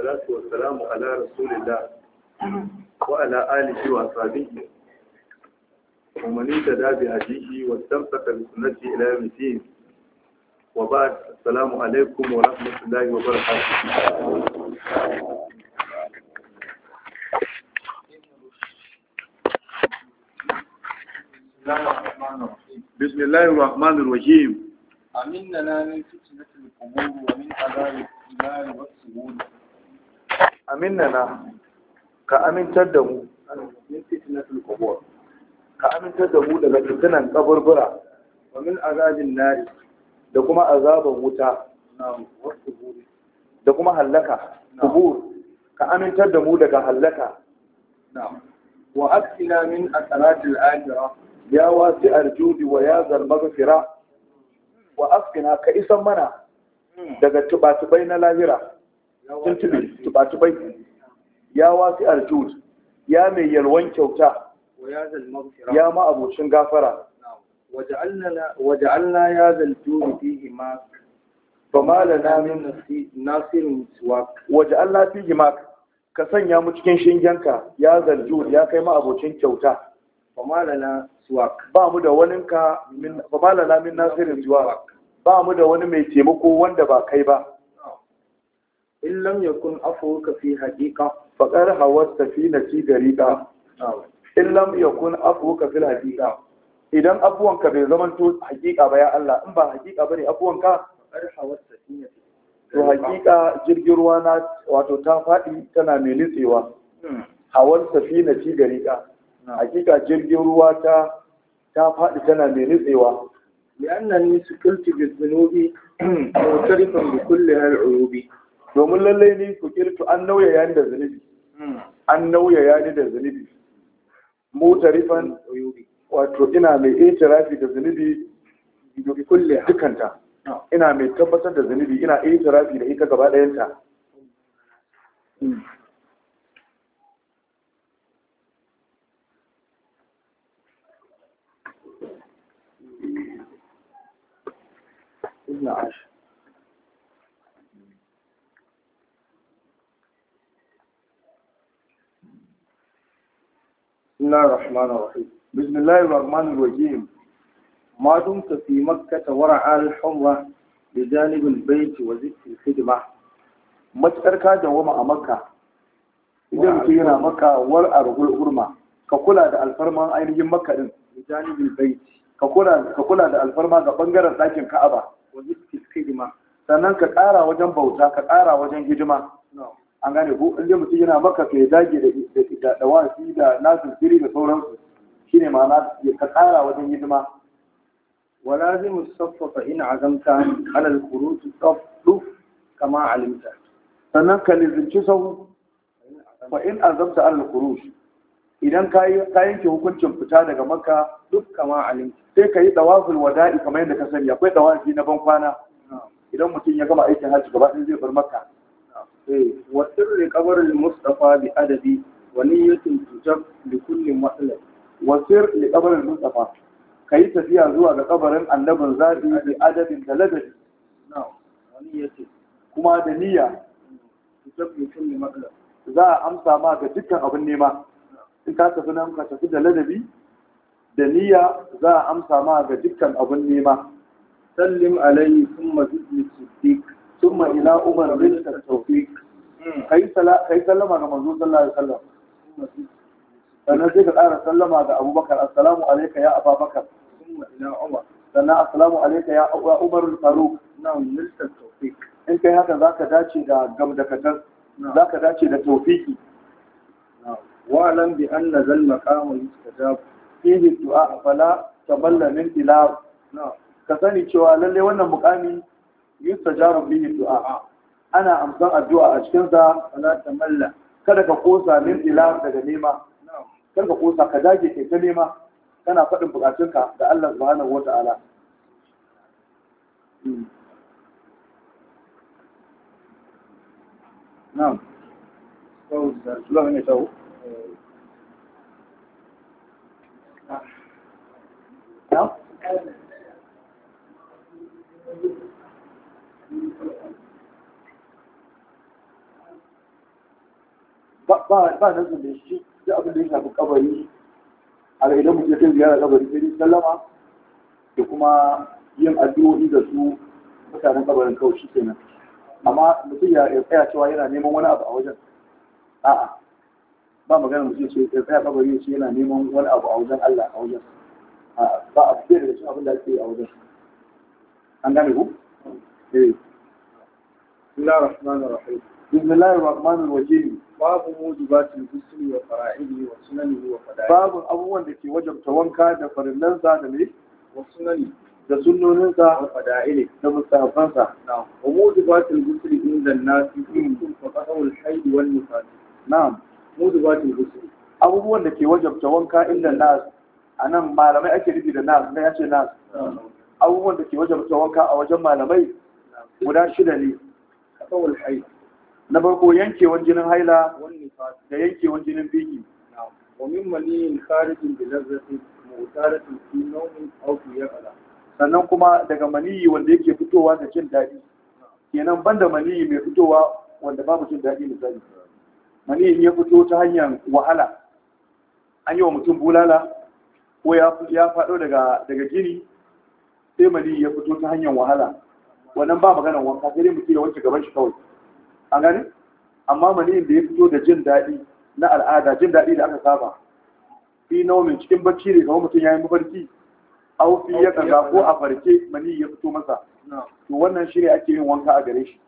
salatu wasalamu ala rasulillah wa ala alihi wa sahbihi wa man tada bi hadihi wa tamtaka bi sunnati ila yawm wa ba'd assalamu alaykum wa rahmatullahi wa barakatuh بسم الله الرحمن الرحيم أمننا من فتنة القبور ومن عذاب الإيمان والسهول aminnana ka amintar da mu ka amintar da mu daga fitinan kaburbura wa min azabin nari da kuma azaban wuta da kuma hallaka kubur ka amintar da mu daga hallaka wa aksina min asaratil ajira ya wasi arjudi wa ya zalmaghfira wa askina ka isan mana hmm. daga tubatubai na lahira tuntube tubatubai ya wasi aljud ya mai yalwan kyauta ya ma abocin gafara allah ya zaljud fihi ma da lana min nasirin Waje allah fihi mak, ka sanya mu cikin shingenka ya zalto ya kai ma abocin kyauta ba da nasirin siwak ba mu da wani mai taimako wanda ba kai ba in lam yakun afuka fi haqiqa faqad hawasta fi nati gariqa in lam yakun afuka fi haqiqa idan abuwanka bai zamanto haqiqa ba ya Allah in ba haqiqa bane afuwanka faqad hawasta fi nati to haqiqa jirgin ruwa na wato ta fadi tana mai nitsewa hawan hmm. safina ci gariqa haqiqa jirgin ruwa ta ta fadi tana mai nitsewa لأنني سكلت بالذنوب معترفا بكل هالعيوب domin lallai ni ku kirtu an nauya yani da zunubi hmm. an nauya yani da zunubi mutarifan wato ina mai tarafi da zunubi kulle dukanta ina mai tabbatar da zunubi ina tarafi da ita gaba ta. Hmm. Ina بسم الله الرحمن الرحيم بسم الله الرحمن الرحيم ما دمت في مكة ورعى الحمرة بجانب البيت وزدت الخدمة matukar ka dawama a makka idan mutum yana maka war a ka kula da alfarman ainihin makka din janibul bait ka kula da alfarma ga bangaren dakin ka'aba wa hidima sannan ka ƙara wajen bauta ka ƙara wajen hidima an gane ko inda mutum yana maka sai ya dage da da da nasin siri da su shine ma'ana ya ka tsara wajen hidima ولازم الصف فإن عزمت على khuruj فاصدف kama alimta sannan ka lizinci sau fa in azamta al khuruj idan ka yanke hukuncin fita daga maka duk kama alim sai ka yi dawaful wada'i kamar yadda ka sani akwai dawafi na ban kwana idan mutum ya gama aikin hajji gaba ɗaya zai bar maka وسر قبر المصطفى بأدب ونية تجب لكل مثل وسر لقبر المصطفى كي تفيا زوا قبر النبي الزادي بأدب دلدل نعم ونية كما دنية تجب لكل مثل za a amsa ma ga dukkan abin nema in ka tafi nan ka tafi da ladabi da niyya za a amsa ma ga dukkan abin nema sallim alaihi thumma zidni siddiq ثم إلى عمر رزق التوفيق kai sallama ga manzo sallallahu alaihi wasallam sannan sai ka sallama ga abubakar assalamu alaika ya ababakar sannan assalamu alaika ya umar faruk in kai haka za ka dace da gamdakatar za ka dace da taufiki wa'alam bi an nazal maqamul mustajab fihi du'a fala taballa min tilab ka sani cewa lalle wannan mukami yustajabu bihi du'a ana amsan addu'a a cikin sa wala tamalla kada ka kosa min ila daga nema kada ka kosa ka dage ke ta nema kana faɗin bukatunka da Allah subhanahu wata'ala hmm. na'am So, da sulawar ne tau. Yeah. ba ba nan da shi duk abin da ya shafi kabari a ga idan mutum ya kai ziyara kabari sai dai sallama da kuma yin addu'o'i da su mutanen kabarin kawai shi kenan amma mutum ya tsaya cewa yana neman wani abu a wajen a'a ba magana mutum ce ya tsaya kabari ya yana neman wani abu a wajen Allah a wajen ba a fiye da cin abin da ake a wajen an gane ku eh Bismillahir Rahmanir Rahim بسم الله الرحمن الرحيم باب موجبات الغسل وفرائضه وسننه وفضائله باب abubuwan da ke wajabta wanka da farillansa da me wasunani da sunnoninsa da fada'ile da mustahabansa na'am wa mujibatul ghusl inda nasi kuntum faqahul hayd wal nifas na'am mujibatul ghusl abubuwan da ke wajabta wanka inda nas anan malamai ake nufi da nas ne yace abubuwan da ke wajabta wanka a wajen malamai guda shida ne na farko yankewan jinin haila da yankewan jinin biki ومن ملي خارج بلذة مؤثرة في نوم أو ya يقظة sannan kuma daga maniyi wanda yake fitowa da jin daɗi kenan da maniyi mai fitowa wanda babu jin daɗi mai misali maniyin ya fito ta hanyar wahala an yi wa mutum bulala ko ya faɗo daga jini, sai maniyi ya fito ta hanyar wahala wannan ba maganar wanka sai dai mutum ya wanke gaban shi kawai a gani amma maniyin da ya fito da jin daɗi na al'ada jin daɗi da aka saba fi naumin cikin bacci ne kamar mutum ya yi mafarki au fi ya kaza ko a farke mani ya fito masa to wannan shi ne ake yin wanka a gare shi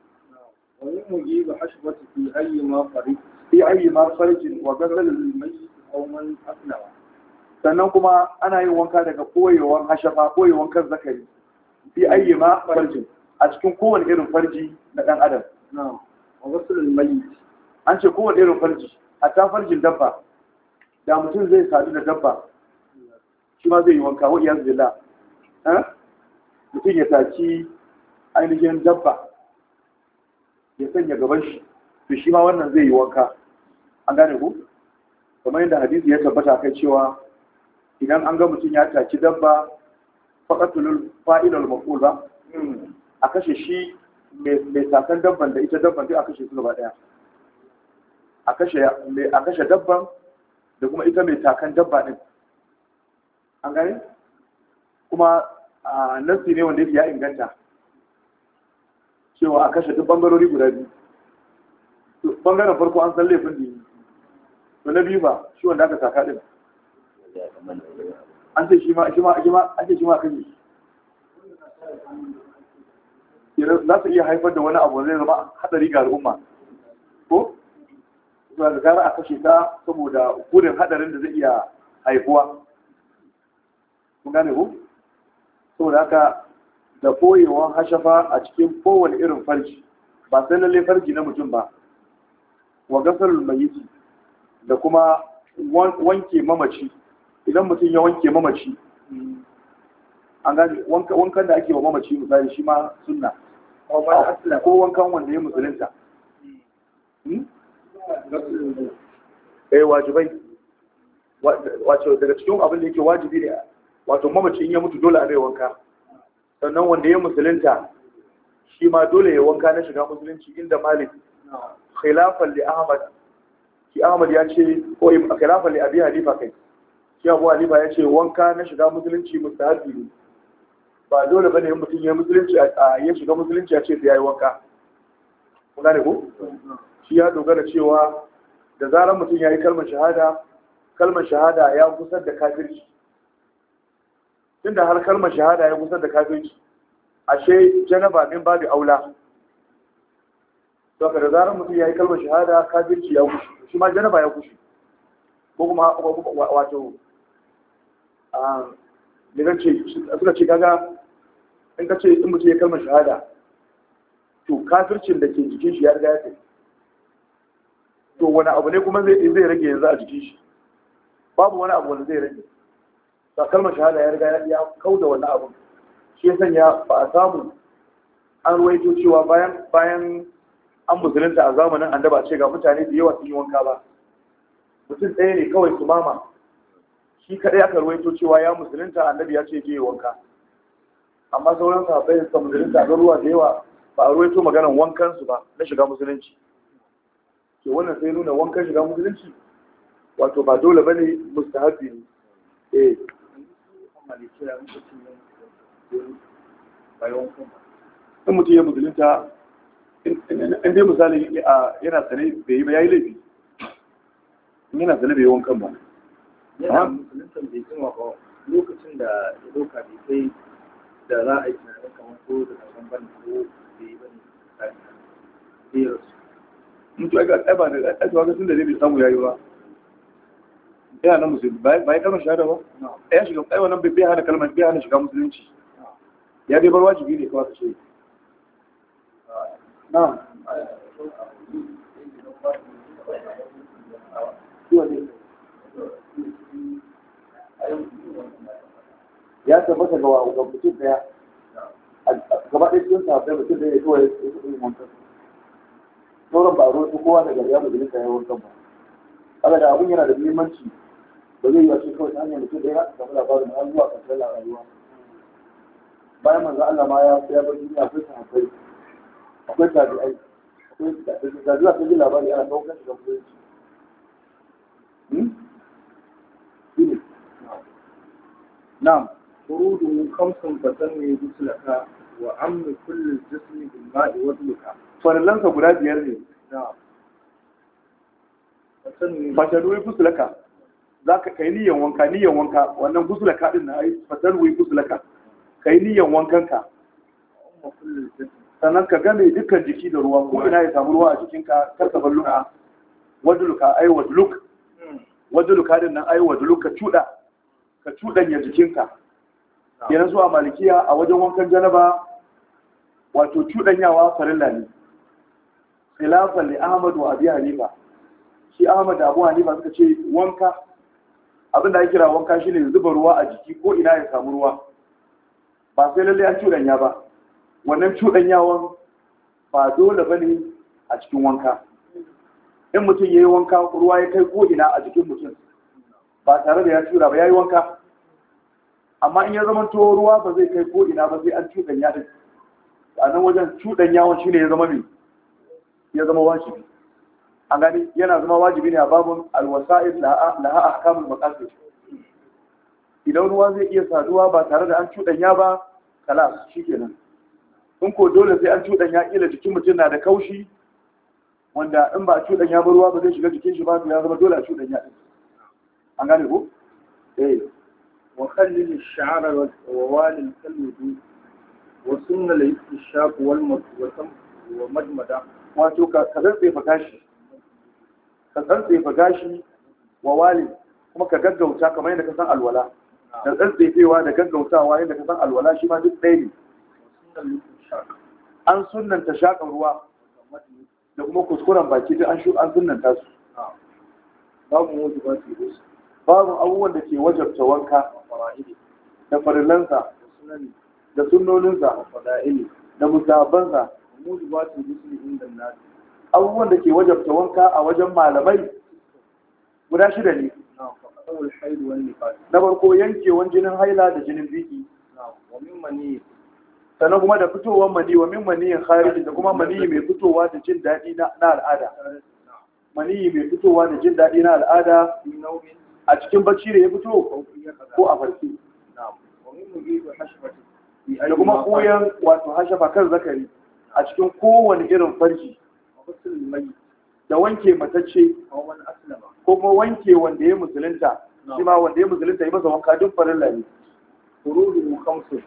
ma auman sannan kuma ana yin wanka daga koyewar hashafa koyewar kan zakari fi ayi ma farjin a cikin kowane irin farji na ɗan adam wa wasulul an ce kowane irin farji a ta farjin dabba da mutum zai sadu da dabba shi ma zai yi wanka wa iyaz zila eh? mutum ya taci ainihin dabba ya sanya gaban shi to shi ma wannan zai yi wanka an gane ku kamar yadda hadisi ya tabbata kai cewa idan an ga mutum ya taci dabba faqatul fa'ilul maqul ba a kashe shi mai sasan dabban da ita dabban duk a kashe su gaba daya a kashe dabban da kuma ita mai takan dabba din an gani? kuma a nasi ne wanda ya inganta cewa a kashe duk bangarori guda biyu bangaren farko an san laifin da yi to na biyu ba shi wanda aka saka din an ce shi ma shi ma shi ma shi kenan za su iya haifar da wani abu zai zama hadari ga al'umma ko za ga gara a kashe ta saboda gudun hadarin da zai iya haifuwa kun gane ku saboda haka da koyewan hashafa a cikin kowane irin farji ba sai lalle farji na mutum ba wa gasarul mayiti da kuma wanke mamaci idan mutum ya wanke mamaci an gane wankan da ake wa mamaci misali shi ma sunna ko wankan wanda ya musulunta hmm? eh wajibai wato daga cikin abin da yake wajibi ne wato mamacin ya mutu dole a bai wanka sannan wanda ya musulunta shi ma dole ya wanka na shiga musulunci inda malik khilafan li ahmad shi ahmad ya ce ko khilafan li abi halifa kai shi abu halifa ya ce wanka na shiga musulunci mustahabi ne ba dole bane in mutum ya musulunci a ya shiga musulunci a ce da yayi wanka kun ne ko shi ya dogara cewa da zarar mutum ya yi kalmar shahada kalmar shahada ya gusar da kafirci tunda har kalmar shahada ya gusar da kafirci ashe janaba min babu aula to da zarar mutum ya yi kalmar shahada kafirci ya gushe shi ma janaba ya gushe ko kuma wato a ce suka ce gaga in ka ce in mutum ya kalmar shahada to kafircin da ke jikin shi ya riga ya kai to wani abu ne kuma zai rage yanzu a jikin shi babu wani abu wanda zai rage ba kalmar shahada ya riga ya kau da wani abu shi ya sanya ba a samu an ruwaito cewa bayan bayan an musulunta a zamanin annaba ce ga mutane da yawa sun yi wanka ba mutum ɗaya ne kawai su mama shi kaɗai aka ruwaito cewa ya musulunta annabi ya ce je wanka amma sauran sahabbai da musulunci a ruwa da yawa ba a ruwaito maganar wankan su ba na shiga musulunci ke wannan sai nuna wankan shiga musulunci wato ba dole bane mustahabi ne eh in mutum ya musulunta ba ba da ya da za a yi tunanin kamar ko da kasan ban ko da yi bane tsari sai rasu mutu aka tsaba da aiki ga sun da bai samu yi ba yana nan musulmi ba ya kalmar shahada ba ya shiga tsaye wannan bai hana kalmar bai hana shiga musulunci ya dai bar wajibi ne kawai ce na Thank you. ya tabbata ga wa mutum daya gaba ɗaya cikin sahabbai mutum da ya kawai ya yin wankan sauran ba a ruwa kowa gari ya mu da ya wankan ba haka da abun yana da muhimmanci ba zai yi shi kawai ta hanyar mutum da ya samu labarin har zuwa karshen rayuwa bayan manzo Allah ma ya ya bar duniya akwai sahabbai akwai tabi'ai akwai da zuwa ta ji labari ana ɗaukar hmm? shi da mutunci na'am فروده خمس فتنمي جسلك وعم كل الجسم بالماء وضلك فرلنك براد يرني نعم fatarwi fusulaka za ka kai niyan wanka niyan wanka wannan fusulaka din na ai fatarwi fusulaka kai niyan wankanka sannan ka gane dukkan jiki da ruwa ko ina ya samu ruwa a jikinka kar ka bar luka waduluka ai waduluk waduluka din na, ai waduluk ka cuda ka cudan ya jikinka yana zuwa malikiya a wajen wankan janaba wato cuɗanyawa farilla ne khilafan li ahmad wa abi hanifa shi ahmad da abu hanifa suka ce wanka abinda ake kira wanka shine zuba ruwa a jiki ko ina ya samu ruwa ba sai lalle an cuɗanya ba wannan cuɗanyawan ba dole bane a cikin wanka in mutum ya yi wanka ruwa ya kai ko ina a jikin mutum ba tare da ya tura ba ya yi wanka amma in ya zama to ruwa ba zai kai ko ina ba sai an cuɗanya din a nan wajen cuɗanyawan shine ya zama mai ya zama wajibi an gani yana zama wajibi ne a babun alwasa'id laha Kamun maqasid idan ruwa zai iya saduwa ba tare da an cuɗanya ba kalas nan. in ko dole sai an cuɗanya ila jikin mutum na da kaushi wanda in ba a cuɗanya ba ruwa ba zai shiga jikin shi ba ya zama dole a cuɗanya ɗin an gane ko eh وخلل الشعر ووالي الكلب وسن الاستشاق والمدمدة ومدمدة wato ka tsantsefa gashi ka tsantsefa gashi wa wali kuma ka gaggauta kamar yadda ka san alwala Ka da tsantsefewa da gaggautawa yadda ka san alwala shi ma duk ɗaya ne an sunanta shaƙar ruwa da kuma kuskuren baki duk an sunanta su babu wajiba su yi babu abubuwan da ke wajabta wanka da farilansa da sunnoninsa da musabansa abubuwan da ke wajabta wanka a wajen malamai guda shida ne na farko yankewan jinin haila da jinin biki sannan kuma da fitowar mani wa min maniyin khariji da kuma maniyi mai fitowa da jin daɗi na al'ada maniyi mai fitowa da jin daɗi na al'ada a cikin bacci da ya fito ko a farki da kuma koyan wato hashafa kan zakari a cikin kowane irin farji da wanke matacce ko kuma wanke wanda ya musulunta shi ma wanda ya musulunta yi masa wanka duk farilla ne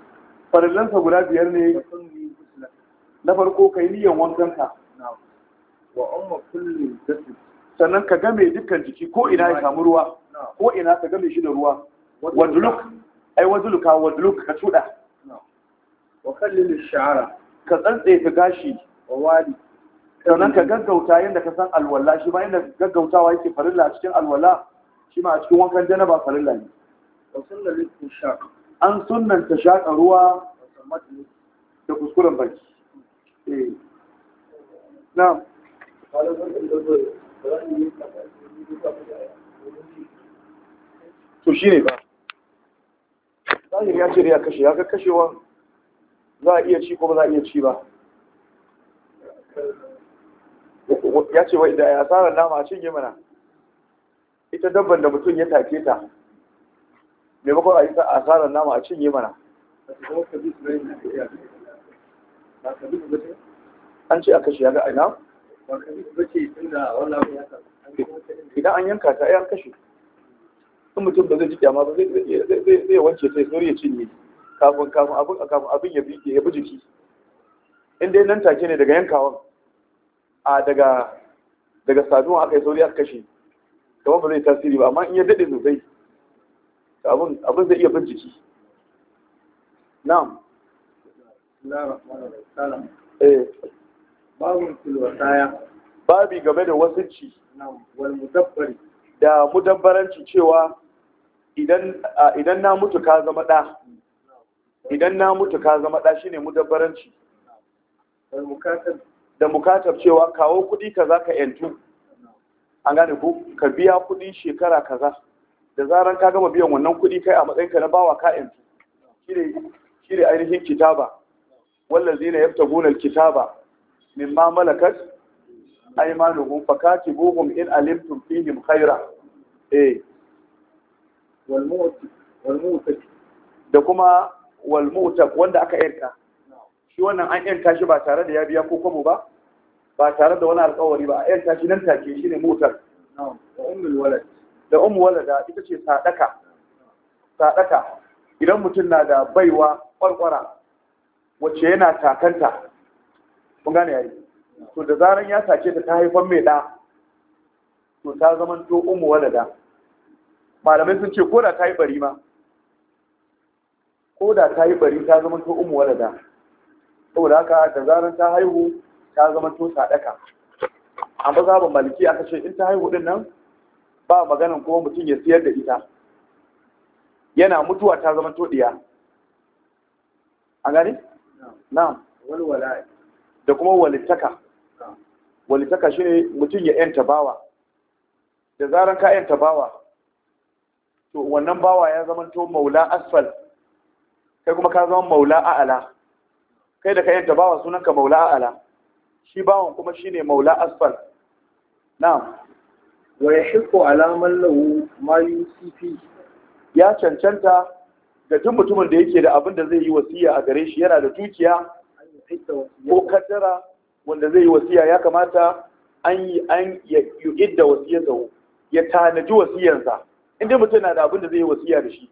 farillansa guda biyar ne na farko kai niyan wankanka wa umma da su sannan ka game dukkan jiki ko ina ya samu ruwa ko ina ka game shi da ruwa wadluk ai waduluka wadluk ka cuda wa kallil sha'ara ka tsantsa ka gashi wa wali sannan ka gaggauta yadda ka san alwala shi ma yadda gaggautawa yake farilla cikin alwala shi ma a cikin wankan janaba farilla ne an sunnanta shaƙa ruwa da kuskuren baki eh. na to shi ne ba zahiri ya ce da ya kashe ya ga kashewa za a iya ci ko ba za a iya ci ba ya ce wa da ya tsara nama a cinye mana ita dabban da mutum ya take ta maimakon a yi asarar nama a cinye mana an ce a kashe ya ga aina idan an yanka ta ai an kashe in mutum ba zai ji amma ba zai wance ta sauri ya cinye kafin kafin abin kafin abin ya bige ya bi jiki in dai nan take ne daga yankawan a daga daga saduwa aka yi sauri aka kashe kamar ba zai tasiri ba amma in ya daɗe sosai abin abin zai iya bin jiki na'am eh babun filwasaya babi game da wasanci da mudabbaranci cewa idan na mutu ka zama ɗa idan na mutu ka zama ɗa shi ne mudabbaranci da mukatar cewa kawo kuɗi kaza ka yantu an gane ku ka biya kuɗi shekara kaza da zaran ka gama biyan wannan kuɗi kai a matsayinka na bawa ka yantu ne ainihin kitaba wallazina gunar alkitaba Malakas, malakat aymanuhum fakatibuhum in alimtum fihim khaira eh wal mu'ti wal mu'ti da kuma wal mu'taq wanda aka yanka shi wannan an yanka shi ba tare da ya biya ko kwabo ba ba tare da wani alƙawari ba a yanka shi nan take shi ne mutar da walad da ita ce sadaka sadaka idan mutum na da baiwa kwarkwara wacce yana takanta kun gane yayi to da zaran ya sace ta ta haifan mai da to ta zaman to ummu walada malamai sun ce ko da ta yi bari ma ko da ta yi bari ta zaman to ummu walada saboda haka da zaran ta haihu ta zaman to sadaka amma ba maliki aka ce in ta haihu din nan ba maganan kuma mutum ya siyar da ita yana mutuwa ta zama to diya an gane na'am walwala da kuma walittaka walittaka ne mutum ya yanta bawa da zaran ka yanta bawa to wannan bawa ya zama to maula asfal kai kuma ka zama maula a'ala kai da ka yanta bawa sunanka maula a'ala shi bawan kuma shi ne maula asfal na'am wa ya ala alamar lahu ma yusifi ya cancanta ga duk mutumin da yake da abin da zai yi wasiya a gare shi yana da dukiya ko kaddara wanda zai yi wasiya ya kamata an yi an yu'idda wasiyarsa ya tanaji wasiyarsa inda mutum na da abin da zai yi wasiya da shi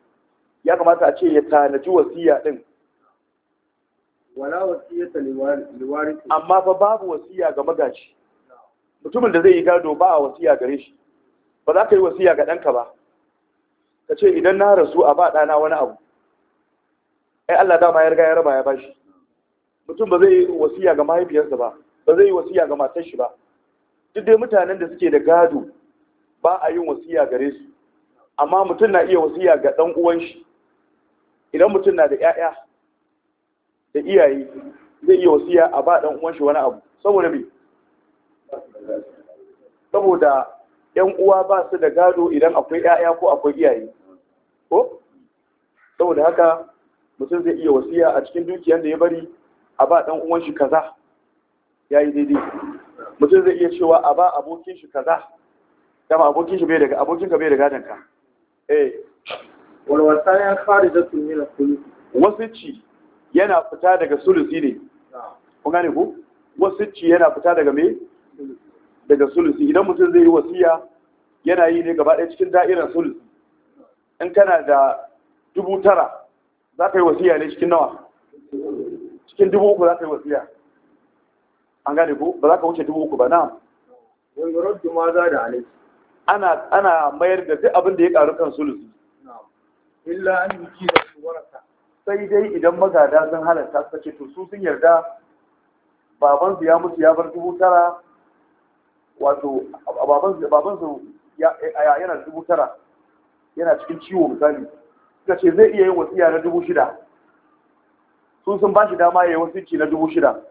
ya kamata a ce ya tanaji wasiya din wala wasiyata liwarisi amma fa babu wasiya ga magaji mutumin da zai yi gado ba a wasiya gare shi ba za ka yi wasiya ga ɗanka ba ka ce idan na rasu a ba ɗana wani abu ai Allah dama ya riga ya raba ya bashi mutum ba zai yi wasiya ga mahaifiyarsa ba ba zai yi wasiya ga matar shi ba duk dai mutanen da suke da gado ba a yin wasiya gare su amma mutum na iya wasiya ga dan uwan shi idan mutum na da 'ya'ya da iyaye zai iya wasiya a ba dan uwan shi wani abu saboda me saboda yan uwa ba su da gado idan akwai 'ya'ya ko akwai iyaye ko saboda haka mutum zai iya wasiya a cikin dukiyar da ya bari a ba ɗan uwan shi kaza ya yi daidai mutum zai iya cewa a ba abokin shi kaza dama abokin shi bai daga abokin ka bai da gadon ka eh wani ya fara da sun yi na sulusi wasu ci yana fita daga sulusi ne kun gane ku wasu ci yana fita daga me daga sulusi idan mutum zai yi wasiya yana yi ne gaba ɗaya cikin da'irar sulusi in kana da dubu tara za ka yi wasiya ne cikin nawa cikin dubu uku za ka yi wasiya an gane ku ba za ka wuce dubu uku ba na wani rabbi ma za da ale ana ana mayar da duk abin da ya karu kan sulusi illa an yi ji da warasa sai dai idan magada sun halarta su ce to su sun yarda babansu ya mutu ya bar dubu tara wato babansu yana dubu tara yana cikin ciwo misali suka ce zai iya yin wasiya na dubu shida su sun ba shi dama ya yi wasu na dubu shida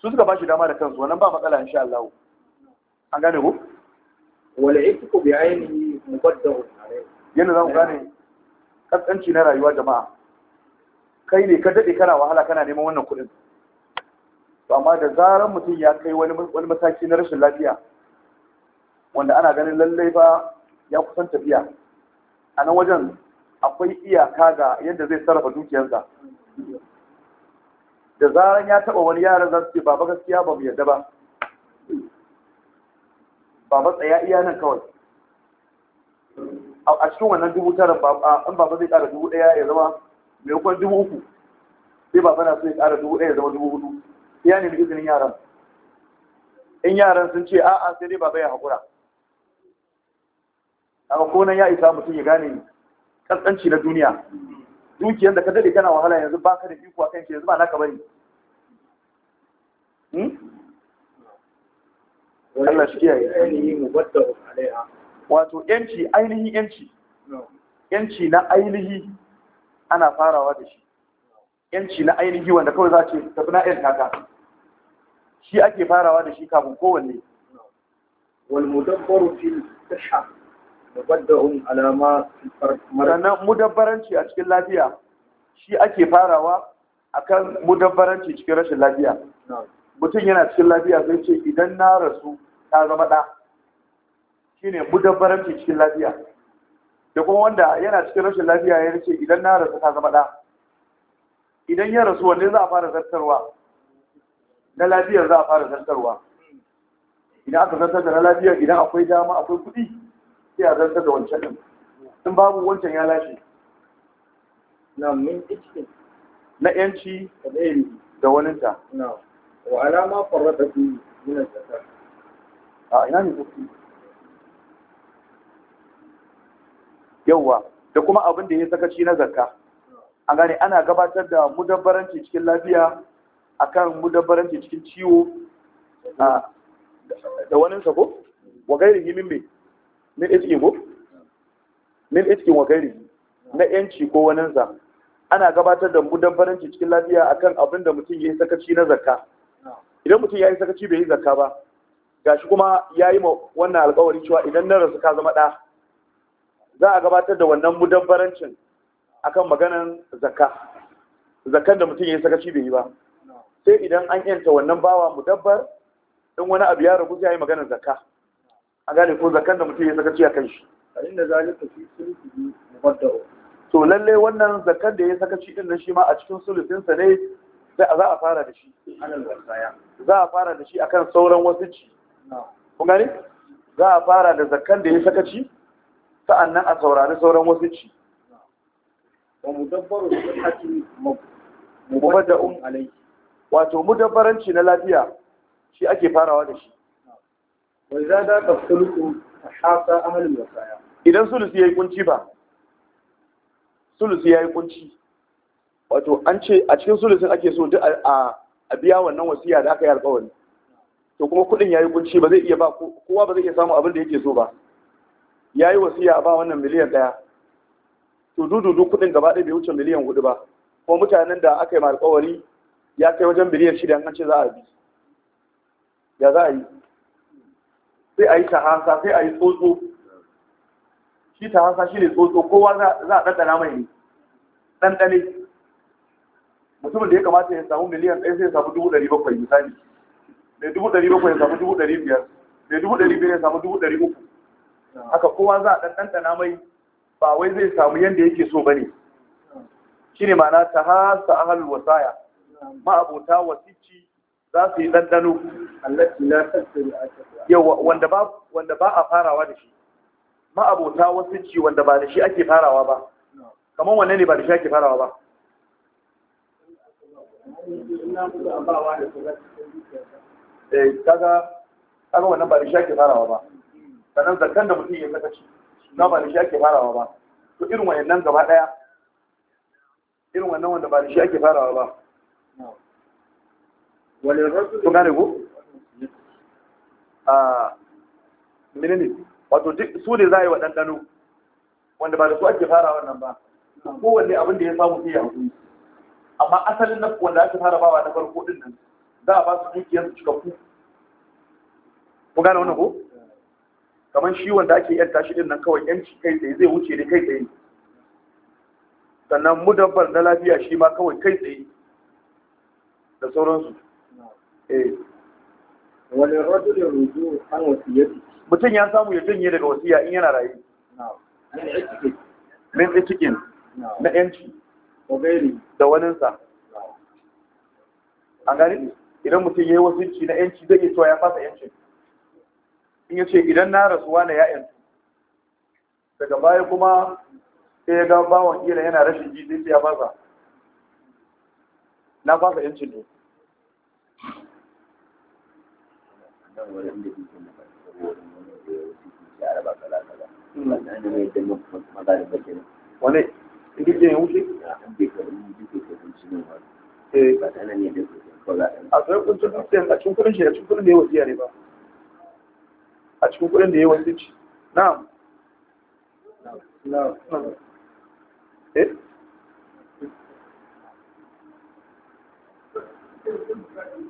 su suka ba shi dama da kansu wannan ba matsala insha Allah an gane ku wala ku bi ainihi muqaddamu yana zan gane kaskanci na rayuwa jama'a kai ne ka dade kana wahala kana neman wannan kuɗin to amma da zaran mutum ya kai wani wani mataki na rashin lafiya wanda ana ganin lalle ba, ya kusan tafiya a nan wajen akwai iyaka ga yadda zai sarrafa dukiyarsa da zaran ya taɓa wani yaran za su ce baba gaskiya ba mu yadda ba baba tsaya iya nan kawai a cikin wannan dubu tara in baba zai ƙara dubu ɗaya ya zama mai maimakon dubu uku sai baba na so ya ƙara dubu ɗaya ya zama dubu hudu ya nemi izinin yaran in yaran sun ce a'a sai dai baba ya haƙura a nan ya isa mutum ya gane ƙasƙanci na duniya dukiyar da ka dade kana wahala yanzu ba ka da iko a kan yanzu ba naka bane hmm? Allah shi kiyaye wato yanci ainihi yanci yanci na ainihi ana farawa da shi yanci na ainihi wanda kawai za ce tafi na yan kaka shi ake farawa da shi kafin kowanne wal mudabbaru fil tashah tabaddahum alama sannan mudabbaranci a cikin lafiya shi ake farawa akan mudabbaranci cikin rashin lafiya mutum yana cikin lafiya sai ce idan na rasu ta zama ɗa shine mudabbaranci cikin lafiya da kuma wanda yana cikin rashin lafiya ya ce idan na rasu ta zama ɗa idan ya rasu wanne za a fara zartarwa na lafiyar za a fara zartarwa idan aka zartar da na lafiyar idan akwai dama akwai kuɗi sai a zartar da wancan din in babu wancan ya lashe na min cikin na yanci da wani ta na wa alama farrata fi min zakka a ina ne kuki yawa da kuma abin da ya sakaci na zakka an gane ana gabatar da mudabbaranci cikin lafiya akan mudabbaranci cikin ciwo da wani sako wa gairi himin mai min itkin ko min itkin wa gari na yanci ko waninsa ana gabatar da faranci cikin lafiya akan abin da mutum ya yi sakaci na zakka idan mutum ya yi sakaci bai yi zakka ba gashi kuma ya yi ma wannan alkawari cewa idan na rasu ka zama ɗa za a gabatar da wannan mudabbarancin akan maganan zakka zakkan da mutum ya yi sakaci bai yi ba sai idan an yanta wannan bawa mudabbar in wani abu ya ragu sai ya yi maganar zakka a gane ko zakar da mutum ya sakaci a kan shi inda zalika fi sulhi mubaddao. to lalle wannan zakar da ya sakaci din nan shi ma a cikin sulhin sa ne za a fara da shi za a fara da shi akan sauran wasu ci kun gane za a fara da zakar da ya sakaci sa'annan a saurari sauran wasu ci wa mudabbaru sulhati mubaddao alayhi wato mudabbaranci na lafiya shi ake farawa da shi wa zada qasluku hasa amal wasaya idan sulusi yi kunci ba sulusi yi kunci wato an ce a cikin sulusin ake so duk a biya wannan wasiya da aka yi alƙawari to kuma kuɗin yayi kunci ba zai iya ba kowa ba zai iya samu abin da yake so ba yayi wasiya ba wannan miliyan ɗaya to du kuɗin gaba ɗaya bai wuce miliyan hudu ba kuma mutanen da aka yi alƙawari ya kai wajen miliyan shida an ce za a bi ya za a yi sai a yi tahasa sai a yi tsotso shi tahasa shi ne tsotso kowa za a ɗanɗana mai ne ɗanɗane mutumin da ya kamata ya samu miliyan ɗaya sai ya samu dubu ɗari bakwai misali mai dubu ɗari bakwai ya samu dubu ɗari biyar mai dubu ɗari biyar ya samu dubu ɗari uku haka kowa za a ɗanɗana mai ba wai zai samu yadda yake so ba ne shi ne ma'ana ta hasa ahal wasaya ma'abota wasicci za su yi ɗanɗano yawa wanda ba a farawa da shi ma'abota wasu ci wanda ba da shi ake farawa ba kamar wanne ne ba da shi ake farawa ba eh, kaga kaga wannan ba da shi ake farawa ba sannan zarkan da mutum ya saka shi, na ba da shi ake farawa ba to irin nan gaba daya irin wannan wanda ba da shi ake farawa ba kun gane ku? a ah, menene wato su ne za a yi wa ɗanɗano wanda ba da su ake fara wannan ba kowanne abin da ya samu sai ya haƙuri amma asalin na wanda ake fara bawa na farko ɗin nan za a ba su dukiyar su cika ku? kun gane wannan ko? kamar shi wanda ake yanta shi ɗin nan kawai yanci kai tsaye zai wuce da kai tsaye sannan mudabbar na lafiya shi ma kawai kai tsaye da sauransu Eh. wani da rujo an wasiyyati mutum ya samu ya janye daga wasiya in yana rayu min cikin na yanci da waninsa an gani idan mutum ya yi wasinci na yanci zai iya cewa ya fasa yancin in ya ce idan na rasuwa na ya daga baya kuma sai ya ga bawan kila yana rashin ji sai ya fasa na fasa yancin ne saboda inda ba wani da ya wuce ke araba magana ba wani duk wuce a kan bai duk da wani eh ba ta nan ko za a sai kun duk cikin kudin shi a cikin kudin da ya wuce ne ba a cikin kudin da ya wuce ci na'am na. eh Thank eh? you.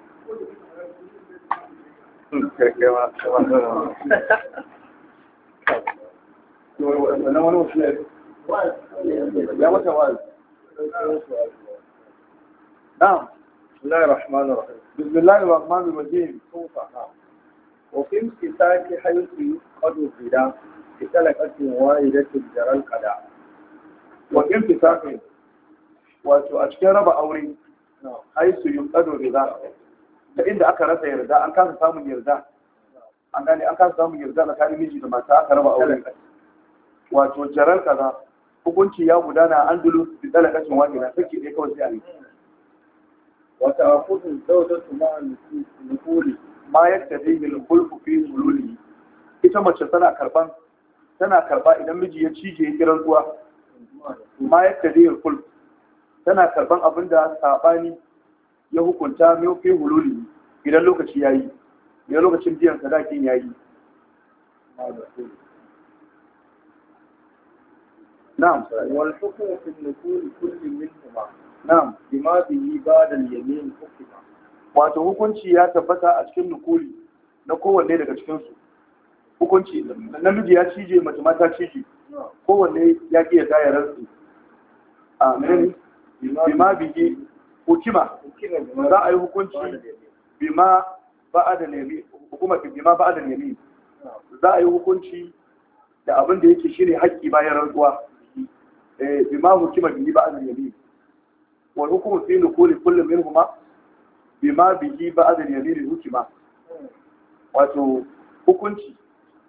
نعم بسم الله الرحمن الرحيم بسم الله الرحمن الرحيم وفي امسكاك حيث قد فدا اتلقت واردة جرى القدع وفي امسكاك wato a cikin raba aure haisu yi ƙado da za da inda aka rasa yarda an kasa samun yarda an gane an kasa samun yarda tsakanin miji da mata aka raba aure wato jarar kaza hukunci ya gudana a dulu da dalakacin wani na sake ɗaya kawai sai a yi wata akutun zautatu ma'a nufuri ma yadda dai bil hulku fi zululi ita mace tana karban tana karba idan miji ya cije ya kiran ruwa ma yadda dai bil hulku tana karban abinda sabani ya hukunta mai fi hululi idan lokaci ya yi idan lokacin biyan sadakin ya yi نعم والحكم في النزول كل منهما نعم بما به بعد اليمين حكم wato hukunci ya tabbata a cikin nukuli na kowanne daga cikinsu hukunci namiji ya cije mace mata cije kowanne ya ki ya taya rantsi amin bima bihi hukima za a yi hukunci bima ba'ad al-yamin bima ba'ad al-yamin za a yi hukunci da abin da yake shine haƙƙi bayan rantsuwa eh bima hukuma bima ba'ad al-yamin wa hukmu fi nuquli kullu minhumma bima bihi ba'ad al-yamin hukuma wato hukunci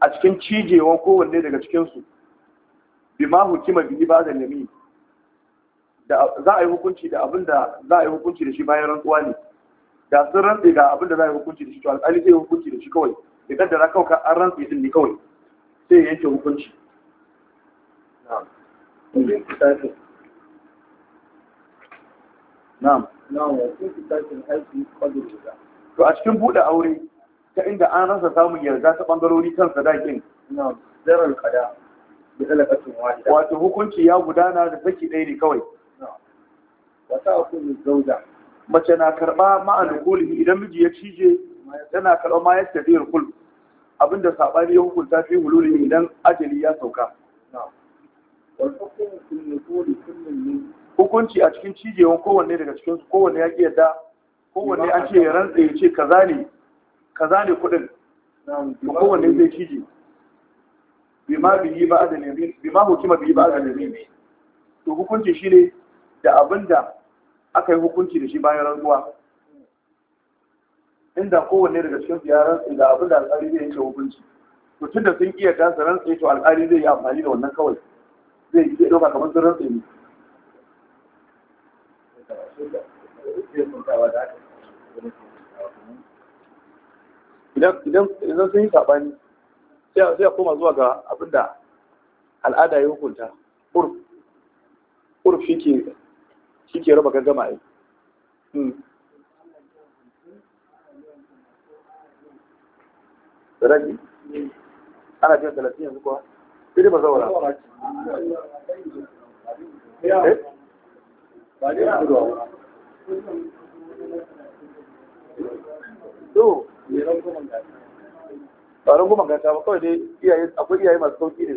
a cikin cijewan kowanne daga cikin su bima hukuma bima ba'ad al-yamin za a yi hukunci da abin da za a yi hukunci da shi bayan rantsuwa ne da sun rantse ga abin da za a yi hukunci da shi to alƙali zai hukunci da shi kawai da kaddara kawai ka an rantse din ne kawai sai ya yanke hukunci na'am to a cikin buɗe aure ta inda an rasa samun yarda ta ɓangarori kan sadakin wato hukunci ya gudana da saki ɗaya ne kawai wata akwai zauda mace na karɓa ma'an kulhi idan miji ya cije yana karɓa ma yadda zai rukul abinda saɓani ya hukunta fi hululi idan ajali ya sauka hukunci a cikin cijewan kowanne daga cikin su kowanne ya ƙi yadda kowanne an ce ya rantsa ya ce kaza ne kaza ne kuɗin kowanne zai cije bima biyi ba adalin bima hukuma biyi ba adalin to hukunci ne da abinda aka yi hukunci da shi bayan rantsuwa inda kowanne daga cikin ya rantsi da abin da alƙali zai yanke hukunci to tun da sun iya dasa rantsi to alƙali zai yi amfani da wannan kawai zai yi ɗauka kamar sun rantsi ne idan sun yi saɓani sai a koma zuwa ga abin da al'ada ya hukunta urf urf shi ke shi ke raba gangama ai hmm. rage ana biyan talatin yanzu kuwa sai ba zaura eh? to kuma gata ba ne dai akwai iyaye masu sauki ne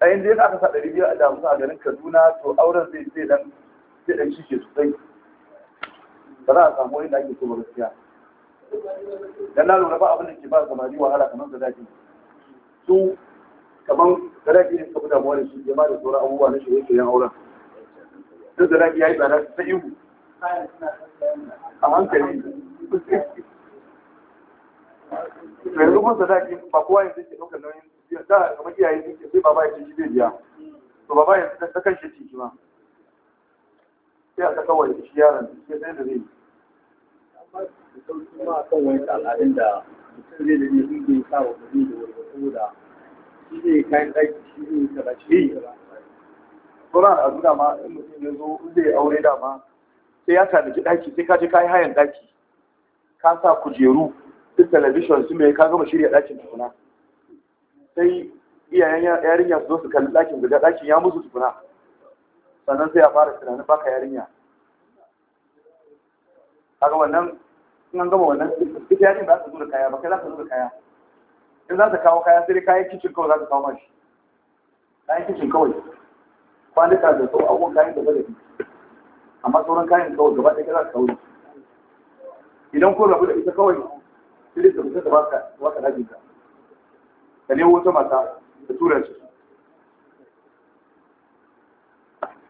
a yin da yadda aka sa ɗari biyar da a garin kaduna to auren zai sai dan sai dan ke sosai ba za a samu wani da ake kuma gaskiya dan na lura ba abin da ke ba samari wahala kamar sadaki su kamar sadaki ne suka fi damuwa da shi jama da sauran abubuwa na shirye-shiryen auren duk sadaki ya yi tsada ta ihu a hankali yanzu kuma sadaki ba kowa yanzu ke ɗaukar nauyin da kamar iyaye ke sai baba ya ce shi zai biya to baba ya ta kan shi ciki ma sai a saka wani shi yaron sai sai da zai yi. amma sauki ma kan wani al'adun da mutum zai da ne yi bai sa wa mutum da wani saboda shi zai kayan ɗaki shi zai kaza shi zai kaza sauran al'aduna ma in mutum ya zo in zai aure dama sai ya tanaki ɗaki sai ka je ka yi hayan ɗaki ka sa kujeru duk talabishin su mai ka gama shirya ɗakin tukuna sai iyayen yarinya su zo su kalli ɗakin daga ɗakin ya musu tukuna sannan sai a fara tunanin baka yarinya kaga wannan in an gama wannan ita yarin ba za ta zo da kaya ba kai za ta zo da kaya in za ta kawo kaya sai dai kayan kicin kawai za ta kawo mashi kayan kicin kawai kwanuka da sau abubuwan kayan da zarafi amma sauran kayan kawai gaba ɗaya za ka kawo idan ko rabu da ita kawai sai dai ba fita da baka dajin ka da wata mata da tura turanci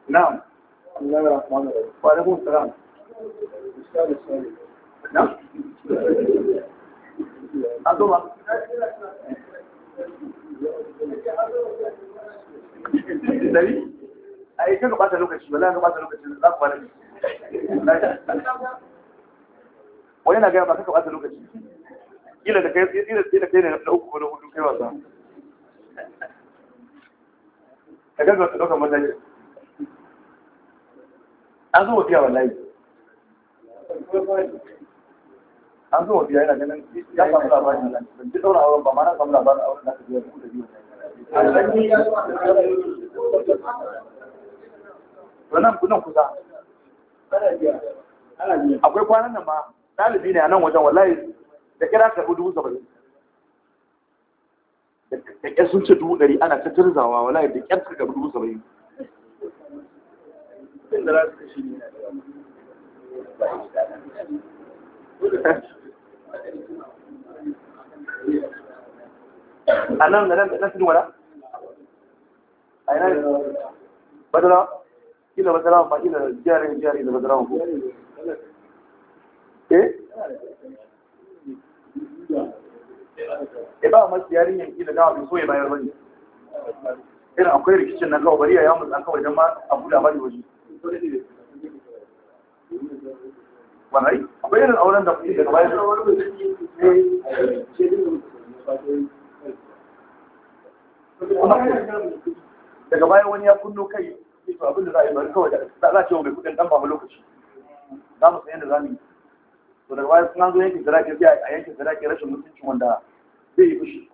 na'am Allah ya rahmanu wa alaikum salam na'am azuma dari ai kan ka lokaci wallahi ka bata lokaci za ku bada wani na ga ba ka bata lokaci kila da kai kila da kai ne na uku ko na hudu kai wasa ka ga ka dauka mataki an zo biya, wallahi an zo biya yana ganin ya samu labarin nan ban ji daura auren ba ma na samu labarin auren da ka biya ku da biyu Ranar nan kusa. Akwai kwanan nan ma ɗalibi ne a nan wajen wallahi da kira karɓi dubu saba'in da ƙyar sun ce dubu ɗari ana ta turzawa wala da ƙyar ka karɓi dubu saba'in a nan da nan da cikin wada. a yana badalawa kila badalawa ba ina jihar jihar da badalawa ko eh ya ba masu yarin yanki da dawa bai so ya bayar bane irin akwai rikicin nan kawai bari a yawon an kawai don ma a buɗa mari waje wani akwai irin auren da kuke daga bayan daga bayan wani ya kunno kai to abin da za a yi bari kawai da za a ce wa mai kudin dan ba lokaci za mu san yadda za mu yi to daga baya suna zo yankin ziraki sai a yankin ziraki rashin mutunci wanda zai yi fushi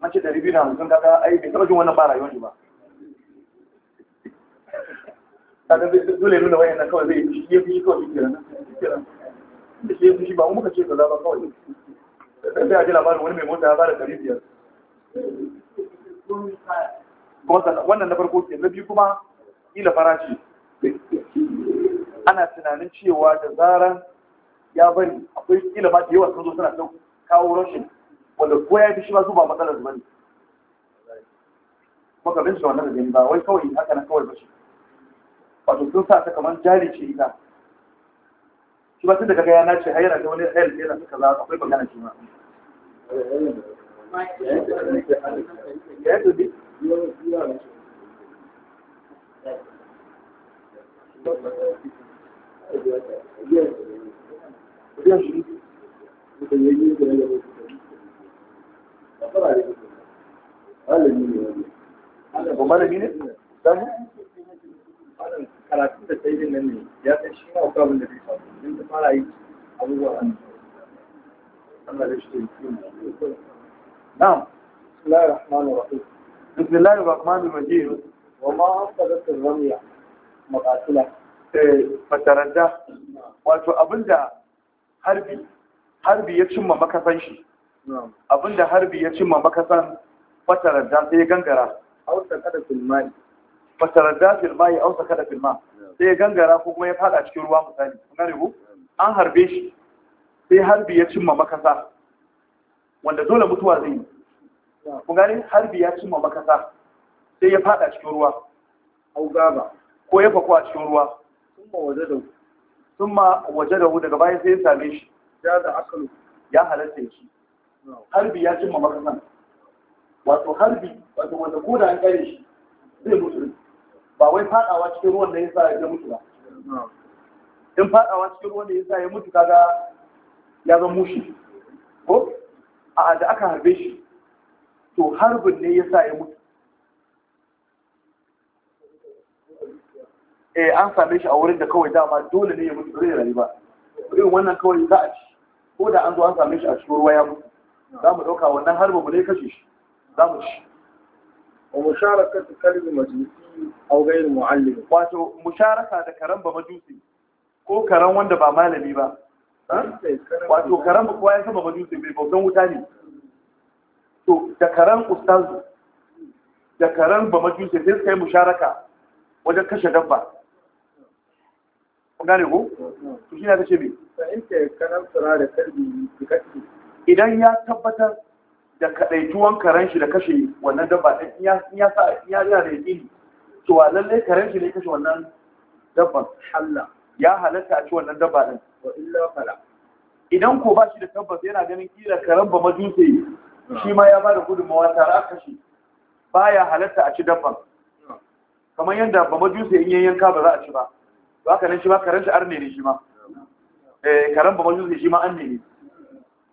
mace ɗari biyu na hamsin kaga ai bai taɓa jin wannan ba rayuwar shi ba kaga dole nuna wayan nan kawai zai yi fushi ya fushi kawai shi kenan da shi ya fushi ba mu muka ce kaza ba kawai sai a ji labarin wani mai mota ya bada ɗari biyar wannan na farko ke na biyu kuma ila farashi ana tunanin cewa da zaran ya bari akwai kila ba da yawa sun zo suna son kawo rashin wanda ko ya fi shi ba su ba matsalar su bane bin su wannan da ba wai kawai haka na kawai ba shi wato sun sa ta kamar jari ce ita shi ba tun da kaga ya nace har yana da wani hayar da yana suka za akwai magana shi ma Thank you. ba malami ne samu karatun da sai nan ne ya san shi da da eh, wato abinda harbi harbi ya cimma makasan shi abinda harbi ya cimma makasan fatarar da sai ya gangara hausa kada filmai fatarar da filmai hausa kada filma sai ya gangara ko kuma ya fada cikin ruwa misali kun gane ko an harbe shi sai harbi ya cimma makasa wanda dole mutuwa zai yi kun gane harbi ya cimma makasa sai ya fada cikin ruwa Hau gaba ko ya fako a cikin ruwa kuma waje da sun ma waje da daga bayan sai ya same shi ya da akalu ya halatta shi harbi ya cimma makasan wato harbi wato wanda ko da an kare shi zai mutu ba wai fadawa cikin ruwan da ya sa ya mutu ba in fadawa cikin ruwan da ya sa ya mutu kaga ya zama mushi ko a da aka harbe shi to harbin ne ya sa ya mutu eh an same shi a wurin da kawai dama dole ne ya mutu zai rayu ba irin wannan kawai za a ci ko da an zo an same shi a cikin ruwa ya mutu za mu ɗauka wannan harba mu ne kashe shi za mu ci wa musharaka ta kalbi majusi a ghayr muallim wato musharaka da karan ba majusi ko karan wanda ba malami ba wato karan ba kowa ya saba majusi bai bautan wuta ne to da karan ustazu da karan ba majusi sai suka yi musharaka wajen kashe dabba gane ko to shi na ta ce me idan ya tabbatar da kaɗaituwan karen shi da kashe wannan dabba din ya ya sa ya ya da yini to a lalle karen shi ne kashe wannan dabban Allah ya halatta a ci wannan dabba ɗin. idan ko ba shi da tabbas yana ganin kila karen ba majuse shi ma ya ba da gudunmawa tare a kashe Ba ya halatta a ci dabban kamar yadda ba majuse in yanka ba za a ci ba ba ka nan shi ba karanta arne ne shi ma eh karan ba majusi shi ma an ne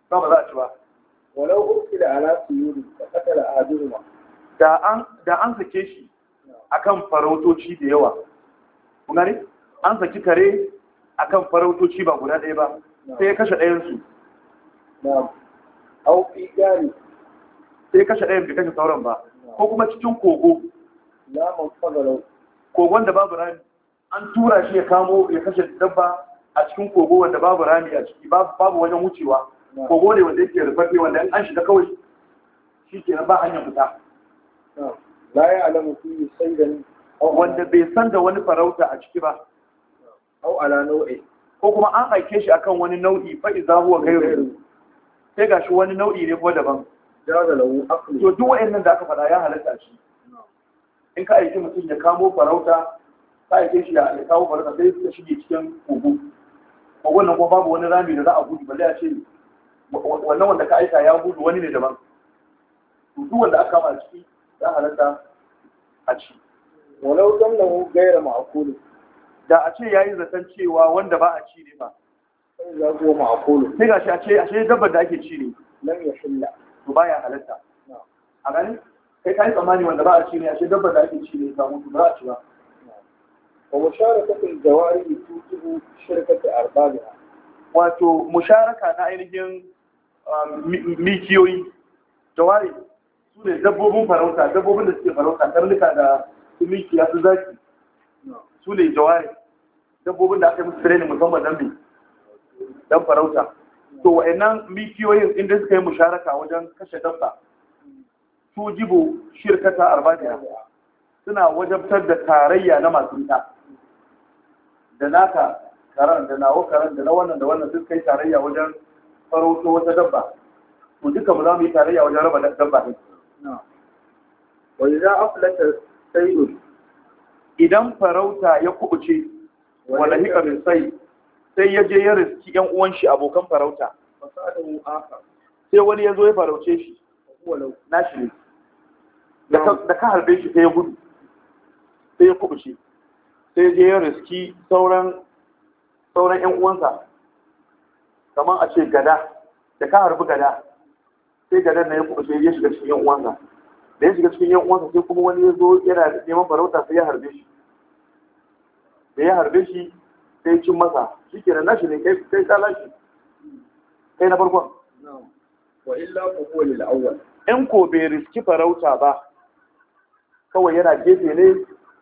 ba ba za a ci ba walau da ala suyuri ta katala ajuruma da an da an sake shi akan farautoci da yawa kun gane an saki kare akan farautoci ba guda ɗaya ba sai ya kashe ɗayan su na'am au fi gari sai kashe ɗayan bai kashe sauran ba ko kuma cikin kogo kogon da babu rani. an tura shi ya kamo ya kashe dabba a cikin kogo wanda babu rami a ciki babu wajen wucewa kogo ne wanda yake rufaffe wanda an shiga kawai shi ke ba hanyar fita la ya alamu fi sayyidan wanda bai san da wani farauta a ciki ba au ala nau'i ko kuma an aike shi akan wani nau'i fa idza huwa ghayru sai gashi wani nau'i ne ko daban to duk wayannan da aka faɗa ya halatta shi in ka aiki mutum ya kamo farauta ta aike shi ya kawo barka sai ta shige cikin kogo kogon nan kuma babu wani rami da za a gudu balle a ce wannan wanda ka aika ya gudu wani ne daban to duk wanda aka kama ciki ya halatta a ci walau dan lahu gaira ma'qul da a ce yayi zaton cewa wanda ba a ci ne ba ya go ma'qul sai gashi a ce a ce dabbar da ake ci ne nan ya shilla to baya halatta a gani kai ka yi tsammani wanda ba a ci ne a ce dabbar da ake ci ne ta mutu ba a ci ba ومشاركة الجوارح توجب شركة أربابها wato musharaka na ainihin mikiyoyi jawari su ne dabbobin farauta dabbobin da suke farauta karnuka da su mikiya su zaki su ne jawari dabbobin da aka yi musu training musamman dambe dan farauta to wa'annan mikiyoyin inda suka yi musharaka wajen kashe dabba su jibo shirkata arba'ina suna wajabtar da tarayya na masu ita da naka karan da nawo karan da na wannan da wannan duk kai tarayya wajen farauto wata dabba to duka mu za mu yi tarayya wajen raba dabba ne wa idza aflata sayyid idan farauta ya kubuce wala hika min sai sai ya je ya riski yan uwan shi abokan farauta sai wani ya zo ya farauce shi nashi ne da ka harbe shi sai ya gudu sai ya kubuce sai je ya riski sauran yan uwansa kamar a ce gada da ka harbi gada sai gadan na ya kuɓuce ya shiga cikin yan uwansa da ya shiga cikin yan uwansa sai kuma wani ya zo yana neman farauta sai ya harbe shi da ya harbe shi sai cin masa shi ke nashi ne kai kai shi kai na farkon wa illa ko lil awwal in ko bai riski farauta ba kawai yana gefe ne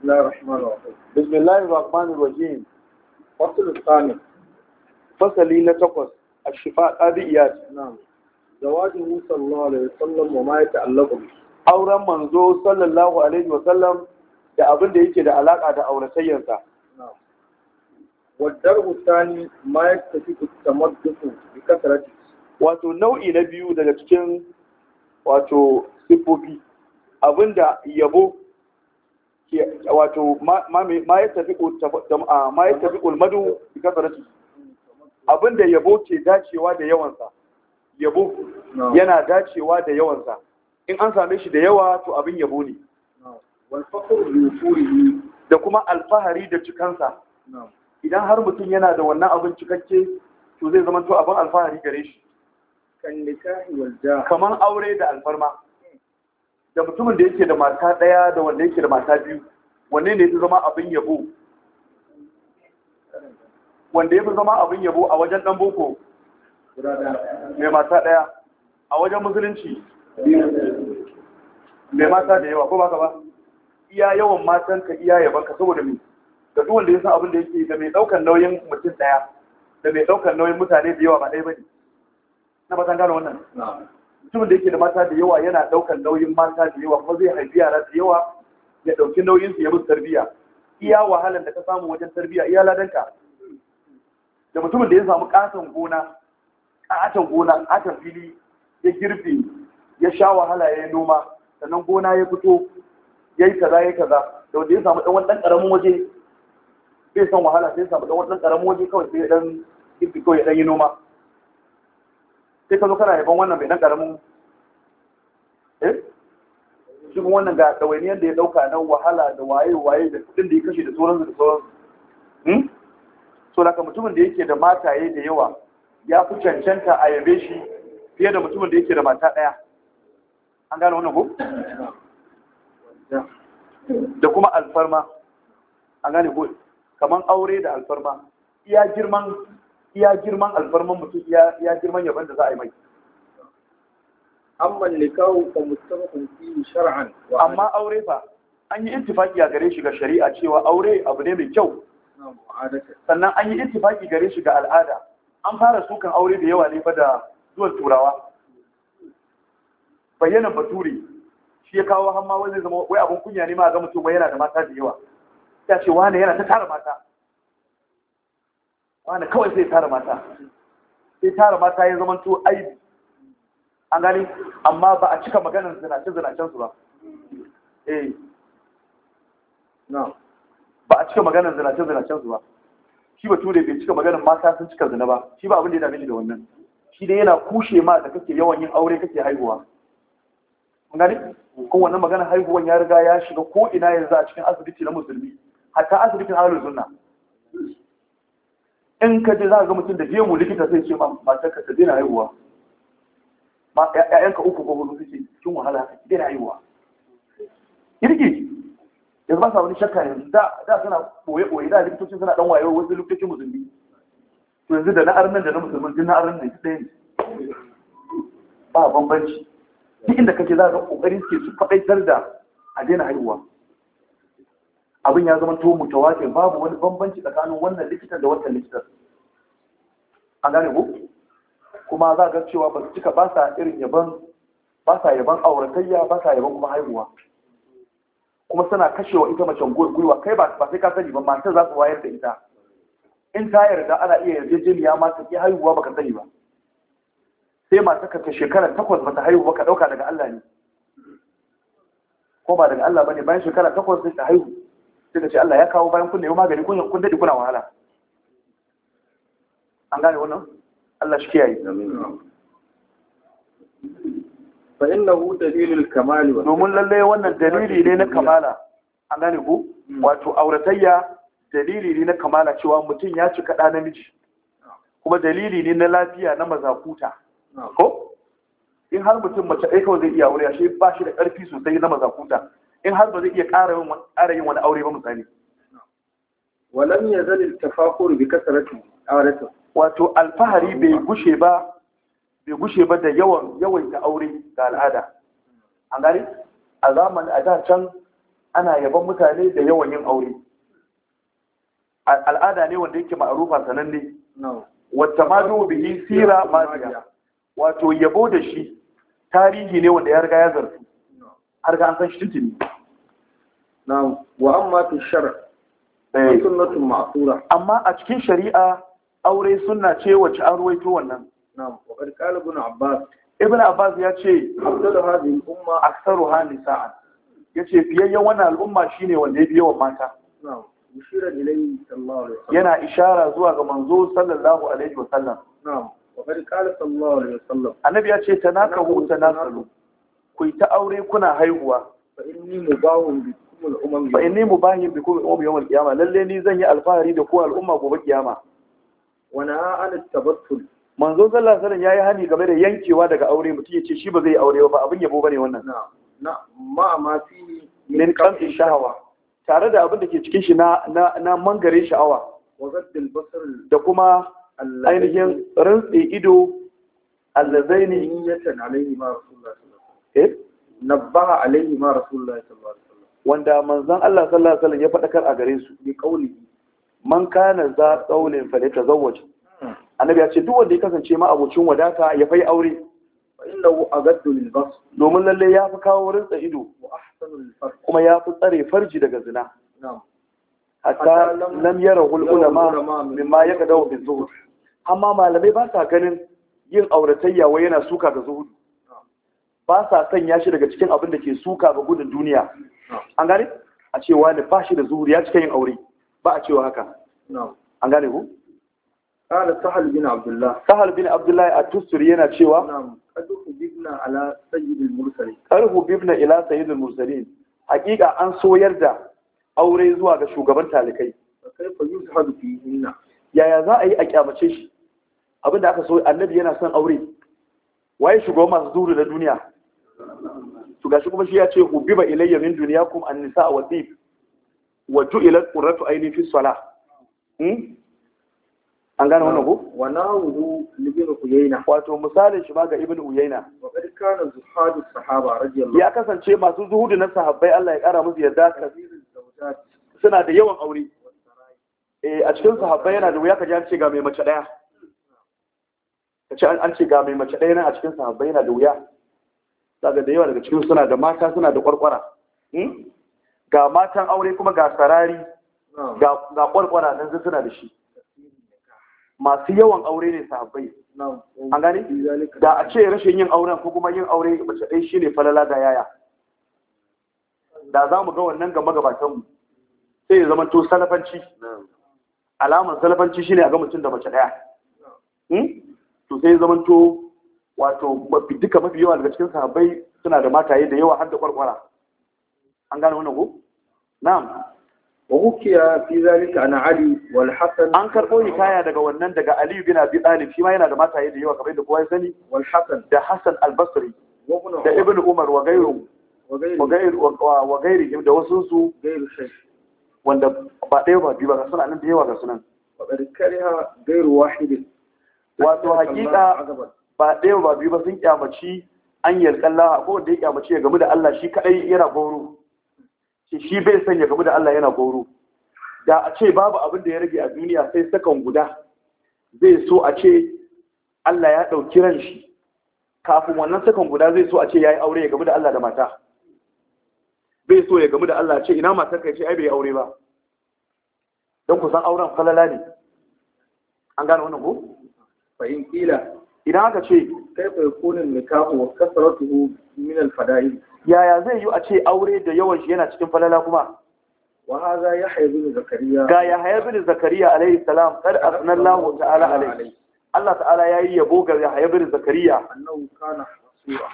بسم الله الرحمن الرحيم بسم الله فصل الثاني فصلي نتقص الشفاء أبيات نعم زواج موسى الله عليه وسلم وما يتعلق به auren manzo الله عليه وسلم da abin da yake da alaka da auratayyarsa wadar hutani ma ya tafi tamadduku bi kasarati wato nau'i na biyu daga cikin wato sifofi abinda yabo wato ma ya tafi ulmadu bi kasarati abinda yabo ke dacewa da yawansa yabo yana dacewa da yawansa in an same shi da yawa to abin yabo ne da kuma alfahari da cikansa idan har mutum yana da wannan abin cikakke to zai zama to abin alfahari gare shi kamar aure da alfarma da mutumin da yake da mata ɗaya da wanda yake da mata biyu wanne ne ya fi zama abin yabo wanda ya fi zama abin yabo a wajen ɗan boko mai mata ɗaya a wajen musulunci mai mata da yawa ko ba ka ba iya yawan matan ka iya yaban ka saboda mai da duk wanda ya san abin da yake da mai ɗaukar nauyin mutum ɗaya da mai ɗaukar nauyin mutane da yawa ba ɗaya ba ne na ba gano wannan mutumin da yake da mata da yawa yana ɗaukar nauyin mata da yawa kuma zai haifi yara da yawa ya ɗauki nauyin su ya musu tarbiyya iya wahalar da ka samu wajen tarbiyya iya ladanka da mutumin da ya samu ƙaton gona ƙaton gona katon fili ya girbe ya sha wahala ya yi noma sannan gona ya fito ya yi kaza ya kaza da wanda ya samu ɗan ɗan ƙaramin waje bai san wahala sai ya samu ɗan ɗan ƙaramin waje kawai sai ya ɗan girbe kawai ya ɗan yi noma sai ka zo kana yaban wannan bai nan karamin eh shi kuma wannan ga ɗawainiyar da ya ɗauka na wahala da waye waye da kuɗin da ya kashe da sauransu da sauransu hmm? so daga mutumin da yake da mataye da yawa ya fi cancanta a yabe shi fiye da mutumin da yake da mata ɗaya an gane wannan ko da kuma alfarma an gane ko kamar aure da alfarma iya girman iya girman alfarman mutum iya girman yaban da za a yi mai amma nikahu ka mutum fi shar'an amma aure fa an yi intifaki a gare shi ga shari'a cewa aure abu ne mai kyau sannan an yi intifaki gare shi ga al'ada an fara sukan aure da yawa ne fa da zuwan turawa bayyana baturi shi ya kawo hamma wani zama wai abun kunya ne ma ga mutum wai yana da mata da yawa ya ce wane yana ta tara mata wanda kawai sai tara mata sai tara mata ya zama to aibi an gani amma ba a cika maganar zinace su ba eh ba a cika maganar zinace su ba shi ba ture bai cika maganar mata sun cika zina ba shi ba abin da ya dame shi da wannan shi dai yana kushe ma da kake yawan yin aure kake haihuwa kun gani ko wannan maganar haihuwan ya riga ya shiga ko ina yanzu a cikin asibiti na musulmi hatta asibitin ahlus sunna in ka je za ga mutum da gemu likita sai ce ma matar ka daina haihuwa ma 'ya'yanka uku ko hudu suke cikin wahala ka daina haihuwa kirki ya ba sa wani shakka yanzu da da suna koye koye da likitocin suna dan wayo wasu likitocin musulmi to yanzu da na nan da na musulmin din na nan da ɗaya ne ba bambanci duk inda kake za ga kokarin suke su faɗaitar da a daina haihuwa abin ya zama mutuwa mutawatir babu wani bambanci tsakanin wannan likitan da wannan likitan an gane ku kuma za ga cewa ba su cika ba sa irin yaban ba sa yaban auratayya ba sa yaban kuma haihuwa kuma suna kashewa ita macen gwiwa kai ba sai ka sani ba matar za su wayar da ita in ta yarda ana iya yarjejeniya ma ta ki haihuwa baka sani ba sai mata ka ta shekara takwas ta haihu ba ka ɗauka daga Allah ne ko ba daga Allah bane bayan shekara takwas sai ta haihu sai da ce Allah ya kawo bayan kun nemi magani kun kun dade kuna wahala an gane wannan Allah shi kiyaye fa innahu dalilul kamal wa domin lalle wannan dalili ne na kamala an gane ku hmm. wato auratayya dalili ne na kamala cewa mutum ya cika ɗa namiji kuma dalili ne na lafiya na mazakuta hmm. ko in har mutum mace ɗaya zai iya wuri ashe ba shi da ƙarfi sosai na mazakuta in har ba zai iya ƙara yin wani aure ba misali walam ya zali tafakuru bi kasarati auratu wato alfahari bai gushe ba bai gushe ba da yawan yawan ta aure ga al'ada an gani a zaman a da can ana yaban mutane da yawan yin aure al'ada ne wanda yake ma'arufa sananne wata ma bihi sira madiya wato yabo da shi tarihi ne wanda ya riga ya zartu har ga an san shi tuntuni na wa amma fi shar eh. sunnatun ma'sura amma a cikin shari'a aure sunna ce wace an ruwaito wannan na'am wa qad qala ibn abbas ibn abbas ya ce abdul hadhihi umma ya ce yace fiyayyen wannan al'umma shine wanda ya biye wa mata na'am yushira ilayhi sallallahu alaihi wasallam yana ishara zuwa ga manzo sallallahu alaihi wasallam na'am wa qad qala sallallahu alaihi wasallam annabi ya ce tanakahu tanakalu ku yi ta aure kuna haihuwa fa in mubahin bikum al-umam yawm yawon kiyama lalle ni zan yi alfahari da kowa al'umma gobe kiyama Wani na'a an tabbatul manzo zalla alaihi ya yi hani game da yankewa daga aure mutum ya ce shi ba zai aure ba abin yabo bane wannan na ma ma fi min kamfi shahawa tare da abin da ke cikin shi na mangare sha'awa da kuma ainihin rantsi ido allazaini niyyatan alaihi ma Eh? nabbaha alaihi ma rasulullahi sallallahu alaihi wasallam wanda manzon Allah sallallahu alaihi wasallam ya fadakar a gare su bi qauli man kana za qaulin fa yatazawwaj hmm. annabi ya ce duk wanda ya kasance ma abocin wadata ya fai aure fa hu agaddu lil bas domin lalle ya fi kawo rinsa ido kuma ya fi tsare farji daga zina hatta lam yara ulama mimma ya kada wa zuhur amma malamai ba sa ganin yin auratayya wai yana suka ga zuhudu ba sa sanya shi daga cikin abin da ke suka ga gudun duniya an gane a cewa da ba shi da zuhuri ya cika yin aure ba a cewa haka an gane ku قال sahal bin abdullah sahal bin abdullah a الله yana cewa na'am qadhu bibna ala sayyid mursalin bibna ila hakika an soyar da aure zuwa ga shugaban talikai yaya za a yi a kyamace shi abinda aka so annabi yana son aure waye shugaban masu zuri na duniya to gashi kuma shi ya ce hubbiba ilayya min dunyakum an-nisa wa dhib wa ju'ilat qurratu ayni fi salah hmm? an gane wannan ko ne wudu libin uyaina wato misalin shi ma ga ibn uyaina wa kana zuhadu sahaba radiyallahu ya kasance masu zuhudu na sahabbai Allah ya kara musu yadda ka suna da yawan aure eh a cikin sahabbai yana da wuya ka ji an ce ga mai mace daya ce an ce ga mai mace daya nan a cikin sahabbai yana da wuya daga da yawa daga cikin suna da mata suna da kwarkwara hmm? ga matan aure kuma ga sarari ga kwarkwara nan suna da shi masu yawan aure ne sahabbai an gane da a ce rashin yin auren ko kuma yin aure mace ɗaya shine falala da yaya da za mu ga wannan ga magabatanmu sai ya zama to salafanci alamar salafanci shine a ga mutum da mace ɗaya hmm? to sai ya zama to wato duka mafi yawa daga cikin sahabbai suna da mataye da yawa har da kwarkwara an gane wannan ko na'am wa hukiya fi zalika ana ali wal hasan an karbo kaya daga wannan daga ali bin abi talib shi ma yana da mataye da yawa kamar da kowa ya sani wal hasan da hasan al basri da ibn umar wa gairu wa gairu da wasu su wanda ba ɗaya ba biyu ba ga suna nan da yawa ga sunan wa kariha gairu wahidin wato hakika ba ɗaya ba biyu ba sun kyamaci an yarda Allah ko wanda ya kyamaci ya gamu da Allah shi kaɗai yana goro shi bai san ya gamu da Allah yana goro da a ce babu abin da ya rage a duniya sai sakan guda zai so a ce Allah ya ɗauki ran shi kafin wannan sakan guda zai so a ce ya yi aure ya gamu da Allah da mata bai so ya gamu da Allah ce ina matar kai ce ai bai aure ba don ku san auren falala ne an gane wannan ko fahimtila idan aka ce kaifa yakunin nikahu wa kasaratu min al-fada'il yaya zai yi a ce aure da yawan shi yana cikin falala kuma wa hadha yahya ibn zakariya ga yahya ibn zakariya alayhi salam kad asna Allah ta'ala alayhi Allah ta'ala ya yi yabo ga yahya ibn zakariya annahu kana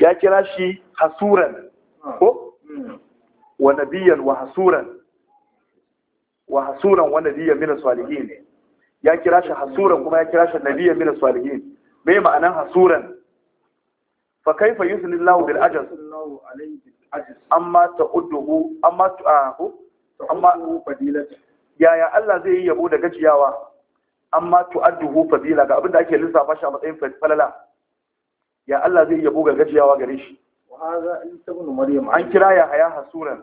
ya kira shi hasuran ah. ko hmm. wa nabiyyan wa hasuran wa hasuran wa nabiyyan min as-salihin ya kira shi hasuran kuma ya kira shi nabiyyan min as-salihin me ma'anan hasuran fa kaifa Allahu bil ajaz amma ta'udduhu amma ta'ahu amma fadilatu yaya Allah zai yi yabo da gajiyawa amma tu'adduhu fadila ga abinda ake lissafa shi a matsayin falala ya Allah zai yabo ga gajiyawa gare shi an kira ya haya hasuran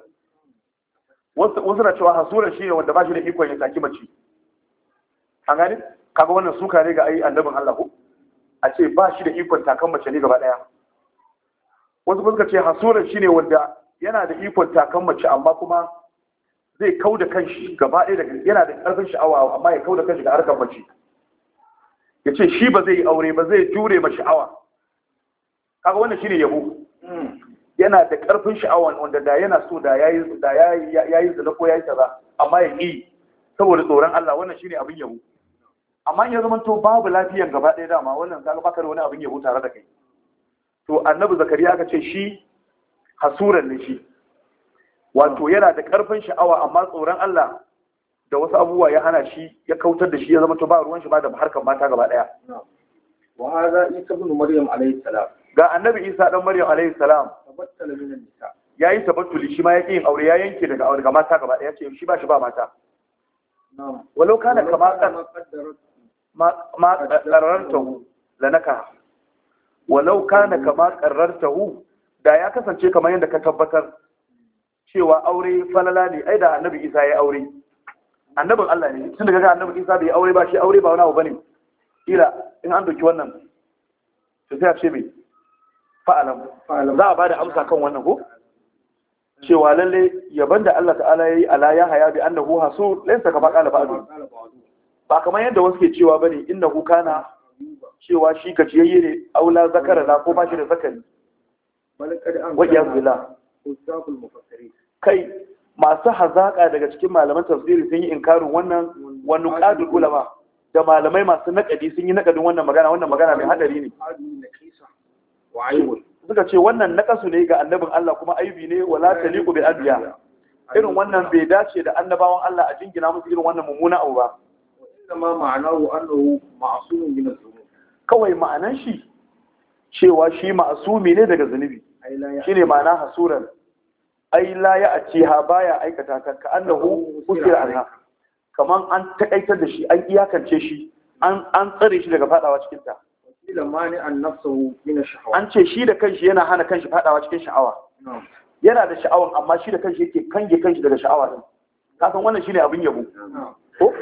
wasu na cewa hasuran shi ne wanda ba shi da ikon ya saki mace an gani kaga wannan suka ne ga ai annabin Allah ko a ce ba shi da ikon takan mace ne gaba ɗaya wasu suka ce hasuran ne wanda yana da ikon takan mace amma kuma zai kau da kanshi gaba ɗaya daga yana da ƙarfin sha'awa amma ya kau da kanshi ga harkar mace ya ce shi ba zai yi aure ba zai jure ma sha'awa kaga wannan ne yabo yana da ƙarfin sha'awa wanda da yana so da ya da yayi yayi zina ko yi kaza amma ya yi saboda tsoron Allah wannan shi ne abin yabo amma ya zama to babu lafiyan gaba ɗaya dama wannan zalu bakar wani abin yabo tare da kai to annabi zakariya aka ce shi hasuran ne shi wato yana da karfin sha'awa amma tsoron Allah da wasu abubuwa ya hana shi ya kautar da shi ya zama to ba ruwan shi ba da harkar mata gaba ɗaya wa hada isa ibn maryam alayhi salam ga annabi isa dan maryam alayhi salam tabattala min nisa yayi tabattuli shi ma ya yin aure ya yanke daga aure ga mata gaba ɗaya ce shi ba shi ba mata walau kana kamar kan ma qarartahu lanaka walau kana kama qarartahu da ya kasance kamar yadda ka tabbatar cewa aure falala ne ai da annabi Isa ya aure annabin Allah ne tun daga annabi Isa bai aure ba shi aure ba wani abu bane ila in an doki wannan to sai a ce me fa'alam za a bada amsa kan wannan ko cewa lalle yaban da Allah ta'ala yayi ala ya haya bi annahu hasu laysa kama qala ba'du ba kamar yadda wasu ke cewa bane inda kuka na cewa shi gajiyayye ne aula zakara na ko ba shi da zakari wajen bila kai masu hazaƙa daga cikin malaman tafsiri sun yi inkarin wannan wani ƙadun ulama da malamai masu naƙadi sun yi naƙadin wannan magana wannan magana mai haɗari ne suka ce wannan naƙasu ne ga annabin Allah kuma aibi ne wala taliqu bil adiya irin wannan bai dace da annabawan Allah a jingina musu irin wannan mummuna abu ba Kawai معناه أنه cewa shi masumi ne daga zunubi shine ma'ana hasuran ai la ya ha baya aikata ka ka annahu usira anha kaman an takaitar da shi an iyakance shi an an tsare shi daga fadawa cikin ta an ce shi da kanshi yana hana kanshi fadawa cikin sha'awa yana da sha'awan amma shi da kanshi yake kange kanshi daga sha'awa din wannan shine abin yabo ko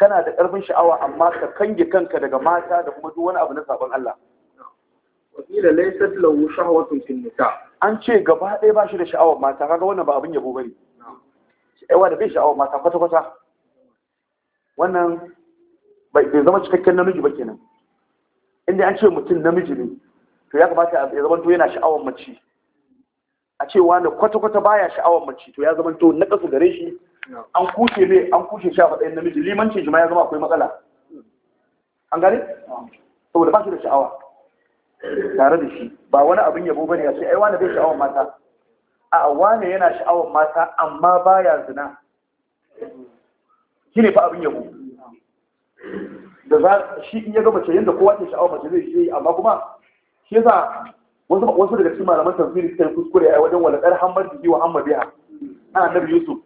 kana da ƙarfin sha'awa amma ka kange kanka daga mata da kuma duk wani abu na sabon Allah wakila laysat lahu shahwatun fil nisa an ce gaba ɗaya ba shi da sha'awar mata kaga wannan ba abin yabo bane aiwa da bai sha'awar mata kwata kwata wannan bai zama cikakken namiji ba kenan inda an ce mutum namiji ne to ya kamata ya zama to yana sha'awar mace a ce wani kwata kwata baya sha'awar mace to ya zama to na kasu gare shi an kushe mai an kushe sha faɗa yin namiji limanci jima'i zama akwai matsala an gane saboda ba shi da sha'awa tare da shi ba wani abin yabo bane ya ce ai wani bai sha'awar mata a wani yana sha'awar mata amma baya zina shi ne fa abin yabo da za shi in ya ga mace yadda kowa ke sha'awar mace zai yi amma kuma shi za wasu wasu daga cikin malaman tafsiri suka yi kuskure a wajen walakar hammar jiki wa hammar biya ana nabi yusuf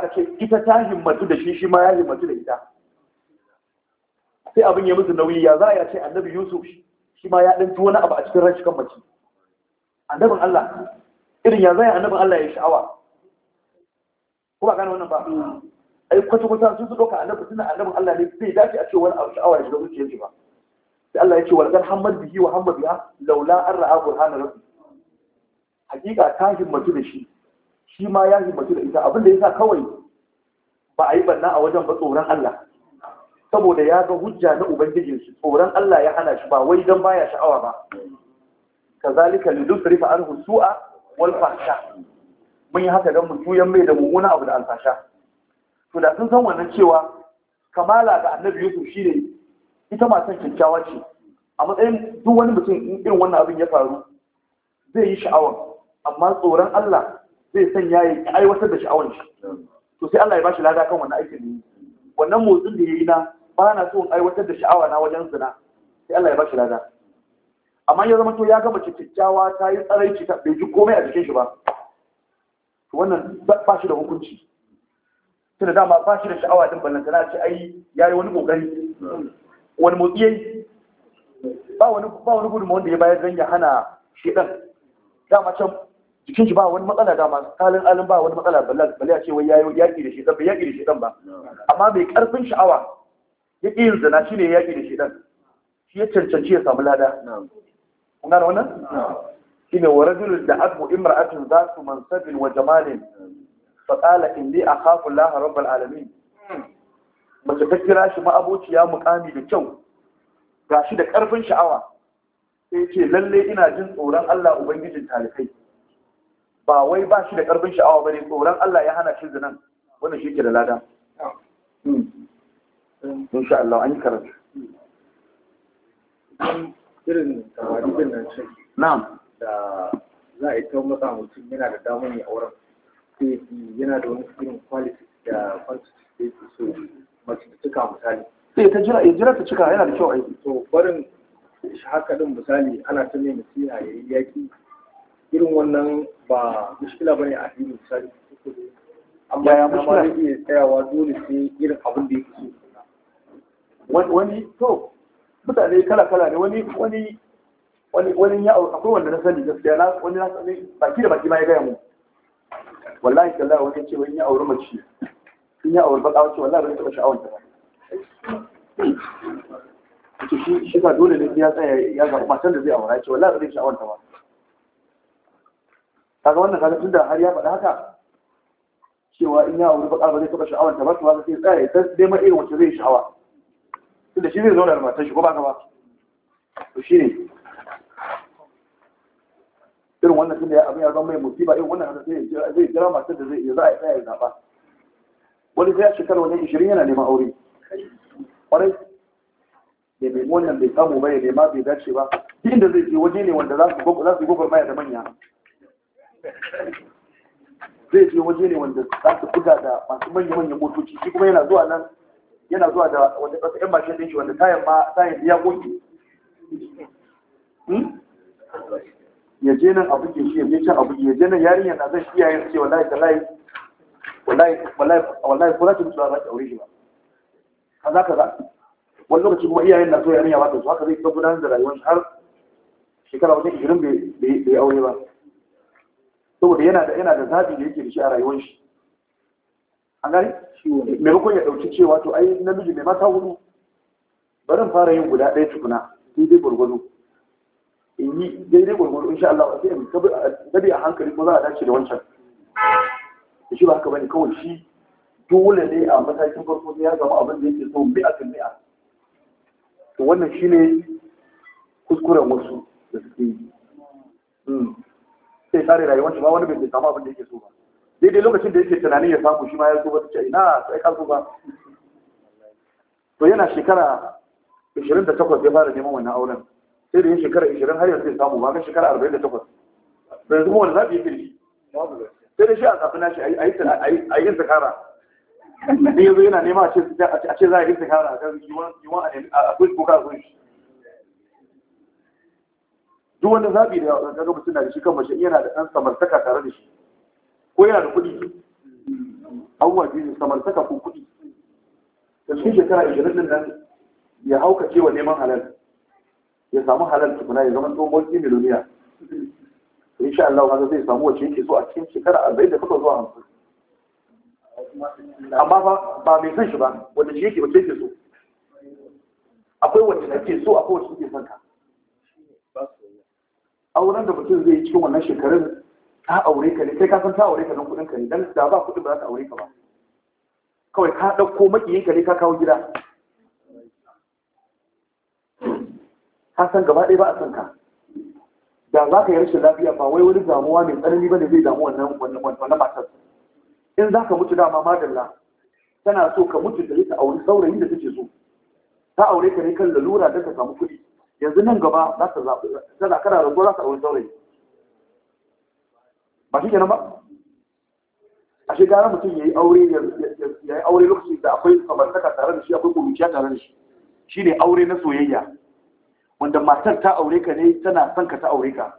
da ce ita ta himmatu da shi shi ma ya himmatu da ita sai abin ya musu nauyi ya za a ce annabi yusuf shi ma ya ɗanci wani abu a cikin ran kan mace annabin allah irin ya za a annabin allah ya sha'awa ko ba gane wannan ba ai kwata kwata sun su ɗauka annabi suna annabin allah ne bai dace a ce wani abu sha'awa ya shiga zuciyar ba sai allah ya ce walƙar hamad bihi wa hamad ya laula an ra'a burhanar rabbi hakika ta himmatu da shi shi ma ya himmatu da ita abinda ya sa kawai ba a yi banna a wajen ba tsoron Allah saboda ya ga hujja na ubangijinsu tsoron Allah ya hana shi ba wai don baya sha'awa ba kazalika fa anhu su'a wal fahsha mun yi haka don mu juyan mai da mummuna abu da alfasha to da sun san wannan cewa kamala ga annabi shi ne ita san kyakkyawa ce a matsayin duk wani mutum irin wannan abin ya faru zai yi sha'awa amma tsoron Allah zai sanya ya aiwatar da sha'awar shi to sai Allah ya bashi lada kan wannan aikin wannan motsin da yayi na ba na so in aiwatar da sha'awa na wajen zina sai Allah ya bashi lada amma ya zama to ya gama cikakkiyawa ta yi tsaraici ta bai ji komai a jikin shi ba to wannan ba shi da hukunci tunda dama ba shi da sha'awa din na ce ai yayi wani kokari wani motsi yayi ba wani ba wani gudunmawa wanda ya bayar zan ya hana shi dan dama can jikin shi ba wani matsala dama kalin alin ba wani matsala balle a ce wai yayi yaki da shedan bai yaki da shedan ba amma mai karfin sha'awa ya ƙi yin zina shine yaki da shedan shi ya cancanci ya samu lada kun gane wannan shine wa rajulun da abu imra'atun za su mansabin wa jamalin fa qala inni akhafu allaha rabbal alamin mace ta kira shi ma'abociya mukami da kyau gashi da karfin sha'awa sai ce lalle ina jin tsoron Allah ubangijin talikai ba wai ba shi da ƙarfin sha'awa ba ne tsoron Allah ya hana shi zinan wannan shi ke da lada insha Allah an yi karatu irin tawarijin nan shi na'am da za a yi ta masa mutum yana da damar ya auren sai yana da wani irin quality da quantity da yake so mace ta cika misali sai ta jira ya jira ta cika yana da kyau aiki to barin haka din misali ana ta nemi nasiha ya yi yaƙi irin wannan ba mushkila bane a addini misali amma ya mushkila ne iya tsayawa dole sai irin abin da yake so wani to mutane kala kala ne wani wani wani wani ya akwai wanda na sani gaskiya na wani na sani baki da baki ma ya gaya mu wallahi kallah wani ce wani ya auri mace in ya auri baka wace wallahi bai taba sha'awar ta ba shi shi ka dole ne ya tsaya ya ga matan da zai aura ce wallahi bai sha'awar ta ba kaga wannan kaga tunda har ya faɗi haka cewa in ya auri baƙar ba zai taɓa sha'awar ta ba su haka sai tsaye ya dai irin wacce zai sha'awa tunda shi zai zo da matar shi ko ba ka ba to shi ne irin wannan tunda ya abin ya zama mai musiba irin wannan haka zai jira matar da zai za a tsaya ya zaɓa wani zai shekara wani ishirin yana neman aure kwarai da mai wannan bai samu ba ya nema bai dace ba duk inda zai je waje ne wanda za su maya da manya zai je waje ne wanda za su buga da masu manya-manyan motoci shi kuma yana zuwa nan yana zuwa da wanda ɗasa ‘yan mashin ɗin shi wanda tayan ma tayan ya goge hmm? ya je nan abu ke shi ya je can abu ya je nan yarinyar na zai iya yin ce wallahi da layi wallahi wallahi ko za ta mutu za ta aure shi ba kaza kaza wani lokaci kuma iyayen na so yarinya ba ta so haka zai ta gudanar da rayuwar har shekara wajen ishirin bai aure ba saboda yana da yana da zabi da yake da shi a rayuwar shi an gani maimakon ya dauki cewa to ai namiji mai mata hudu barin fara yin guda ɗaya tukuna daidai gwargwado in yi daidai gwargwado insha Allah sai in bi a hankali ko za a dace da wancan shi ba haka bane kawai shi dole ne a matakin farko ya zama abin da yake so bi a mi'a to wannan shine kuskuren wasu da suke yi hmm. sai kare rayuwar ba wani bai samu abin da yake so ba daidai lokacin da yake tunanin ya samu shi ma ya zuba ba ce ina sai ka zuba to yana shekara 28 ya fara neman wannan auren sai da yin shekara 20 har yanzu ya samu ba ga shekara 48 bai zuwa wani zaɓi yake ne sai da shi a tsafi nashi a yi zakara ne yanzu yana nema a ce za a yi zakara a kan yiwuwa a nemi a kushi ko ka kushi duk wani zaɓi da yawa kaga mutum na da shi kan mace yana da ɗan samartaka tare da shi ko yana da kuɗi abubuwa waje ne samartaka ko kuɗi da cikin shekara ishirin din nan ya hauka cewa neman halal ya samu halal tukuna ya zama tsohon miliyoniya insha Allah haka zai samu wacce yake so a cikin shekara arba'in da kuka zuwa hamsin amma ba ba mai son shi ba wanda shi yake wacce yake so akwai wacce ke so akwai wacce yake son ka auren da mutum zai yi cikin wannan shekarun ta aure ka ne kai ka san ta aure ka don kudin ka ne dan da ba kuɗin ba za ta aure ka ba kawai ka ɗauko makiyin ka ne ka kawo gida ka san gaba ɗaya ba a san ka da za ka yi rashin lafiya ba wai wani damuwa mai tsanani ba ne zai damu wannan wannan matar in za ka mutu dama madalla tana so ka mutu da ita aure saurayin da take so ta aure ka ne kan lalura da ka samu kuɗi yanzu nan gaba za ta zaɓi tana kana rago za ta wani saurayi ba shi kenan ba a shi gara mutum ya yi aure ya yi aure lokacin da akwai saka tare da shi akwai kuruciya tare da shi shi ne aure na soyayya wanda matar ta aure ka ne tana son ka ta aure ka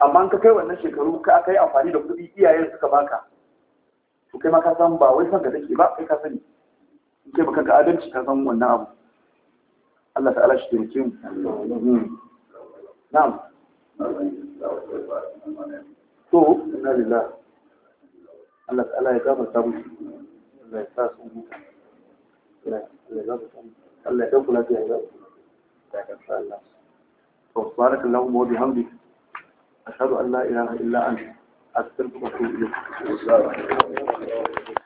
amma ka kai wannan shekaru ka aka yi amfani da kuɗi iyayen suka baka to kai ma ka san ba wai son ka take ba kai ka sani in kai baka ga adalci ka san wannan abu Allah ta'ala shi taimake mu na'am to inna lillahi Allah Al'a ya gafarta mu Allah ya sa su mu Allah ya dauka lafiya ya gafarta Allah to subhanak allahumma wa bihamdik ashhadu an la ilaha illa anta astaghfiruka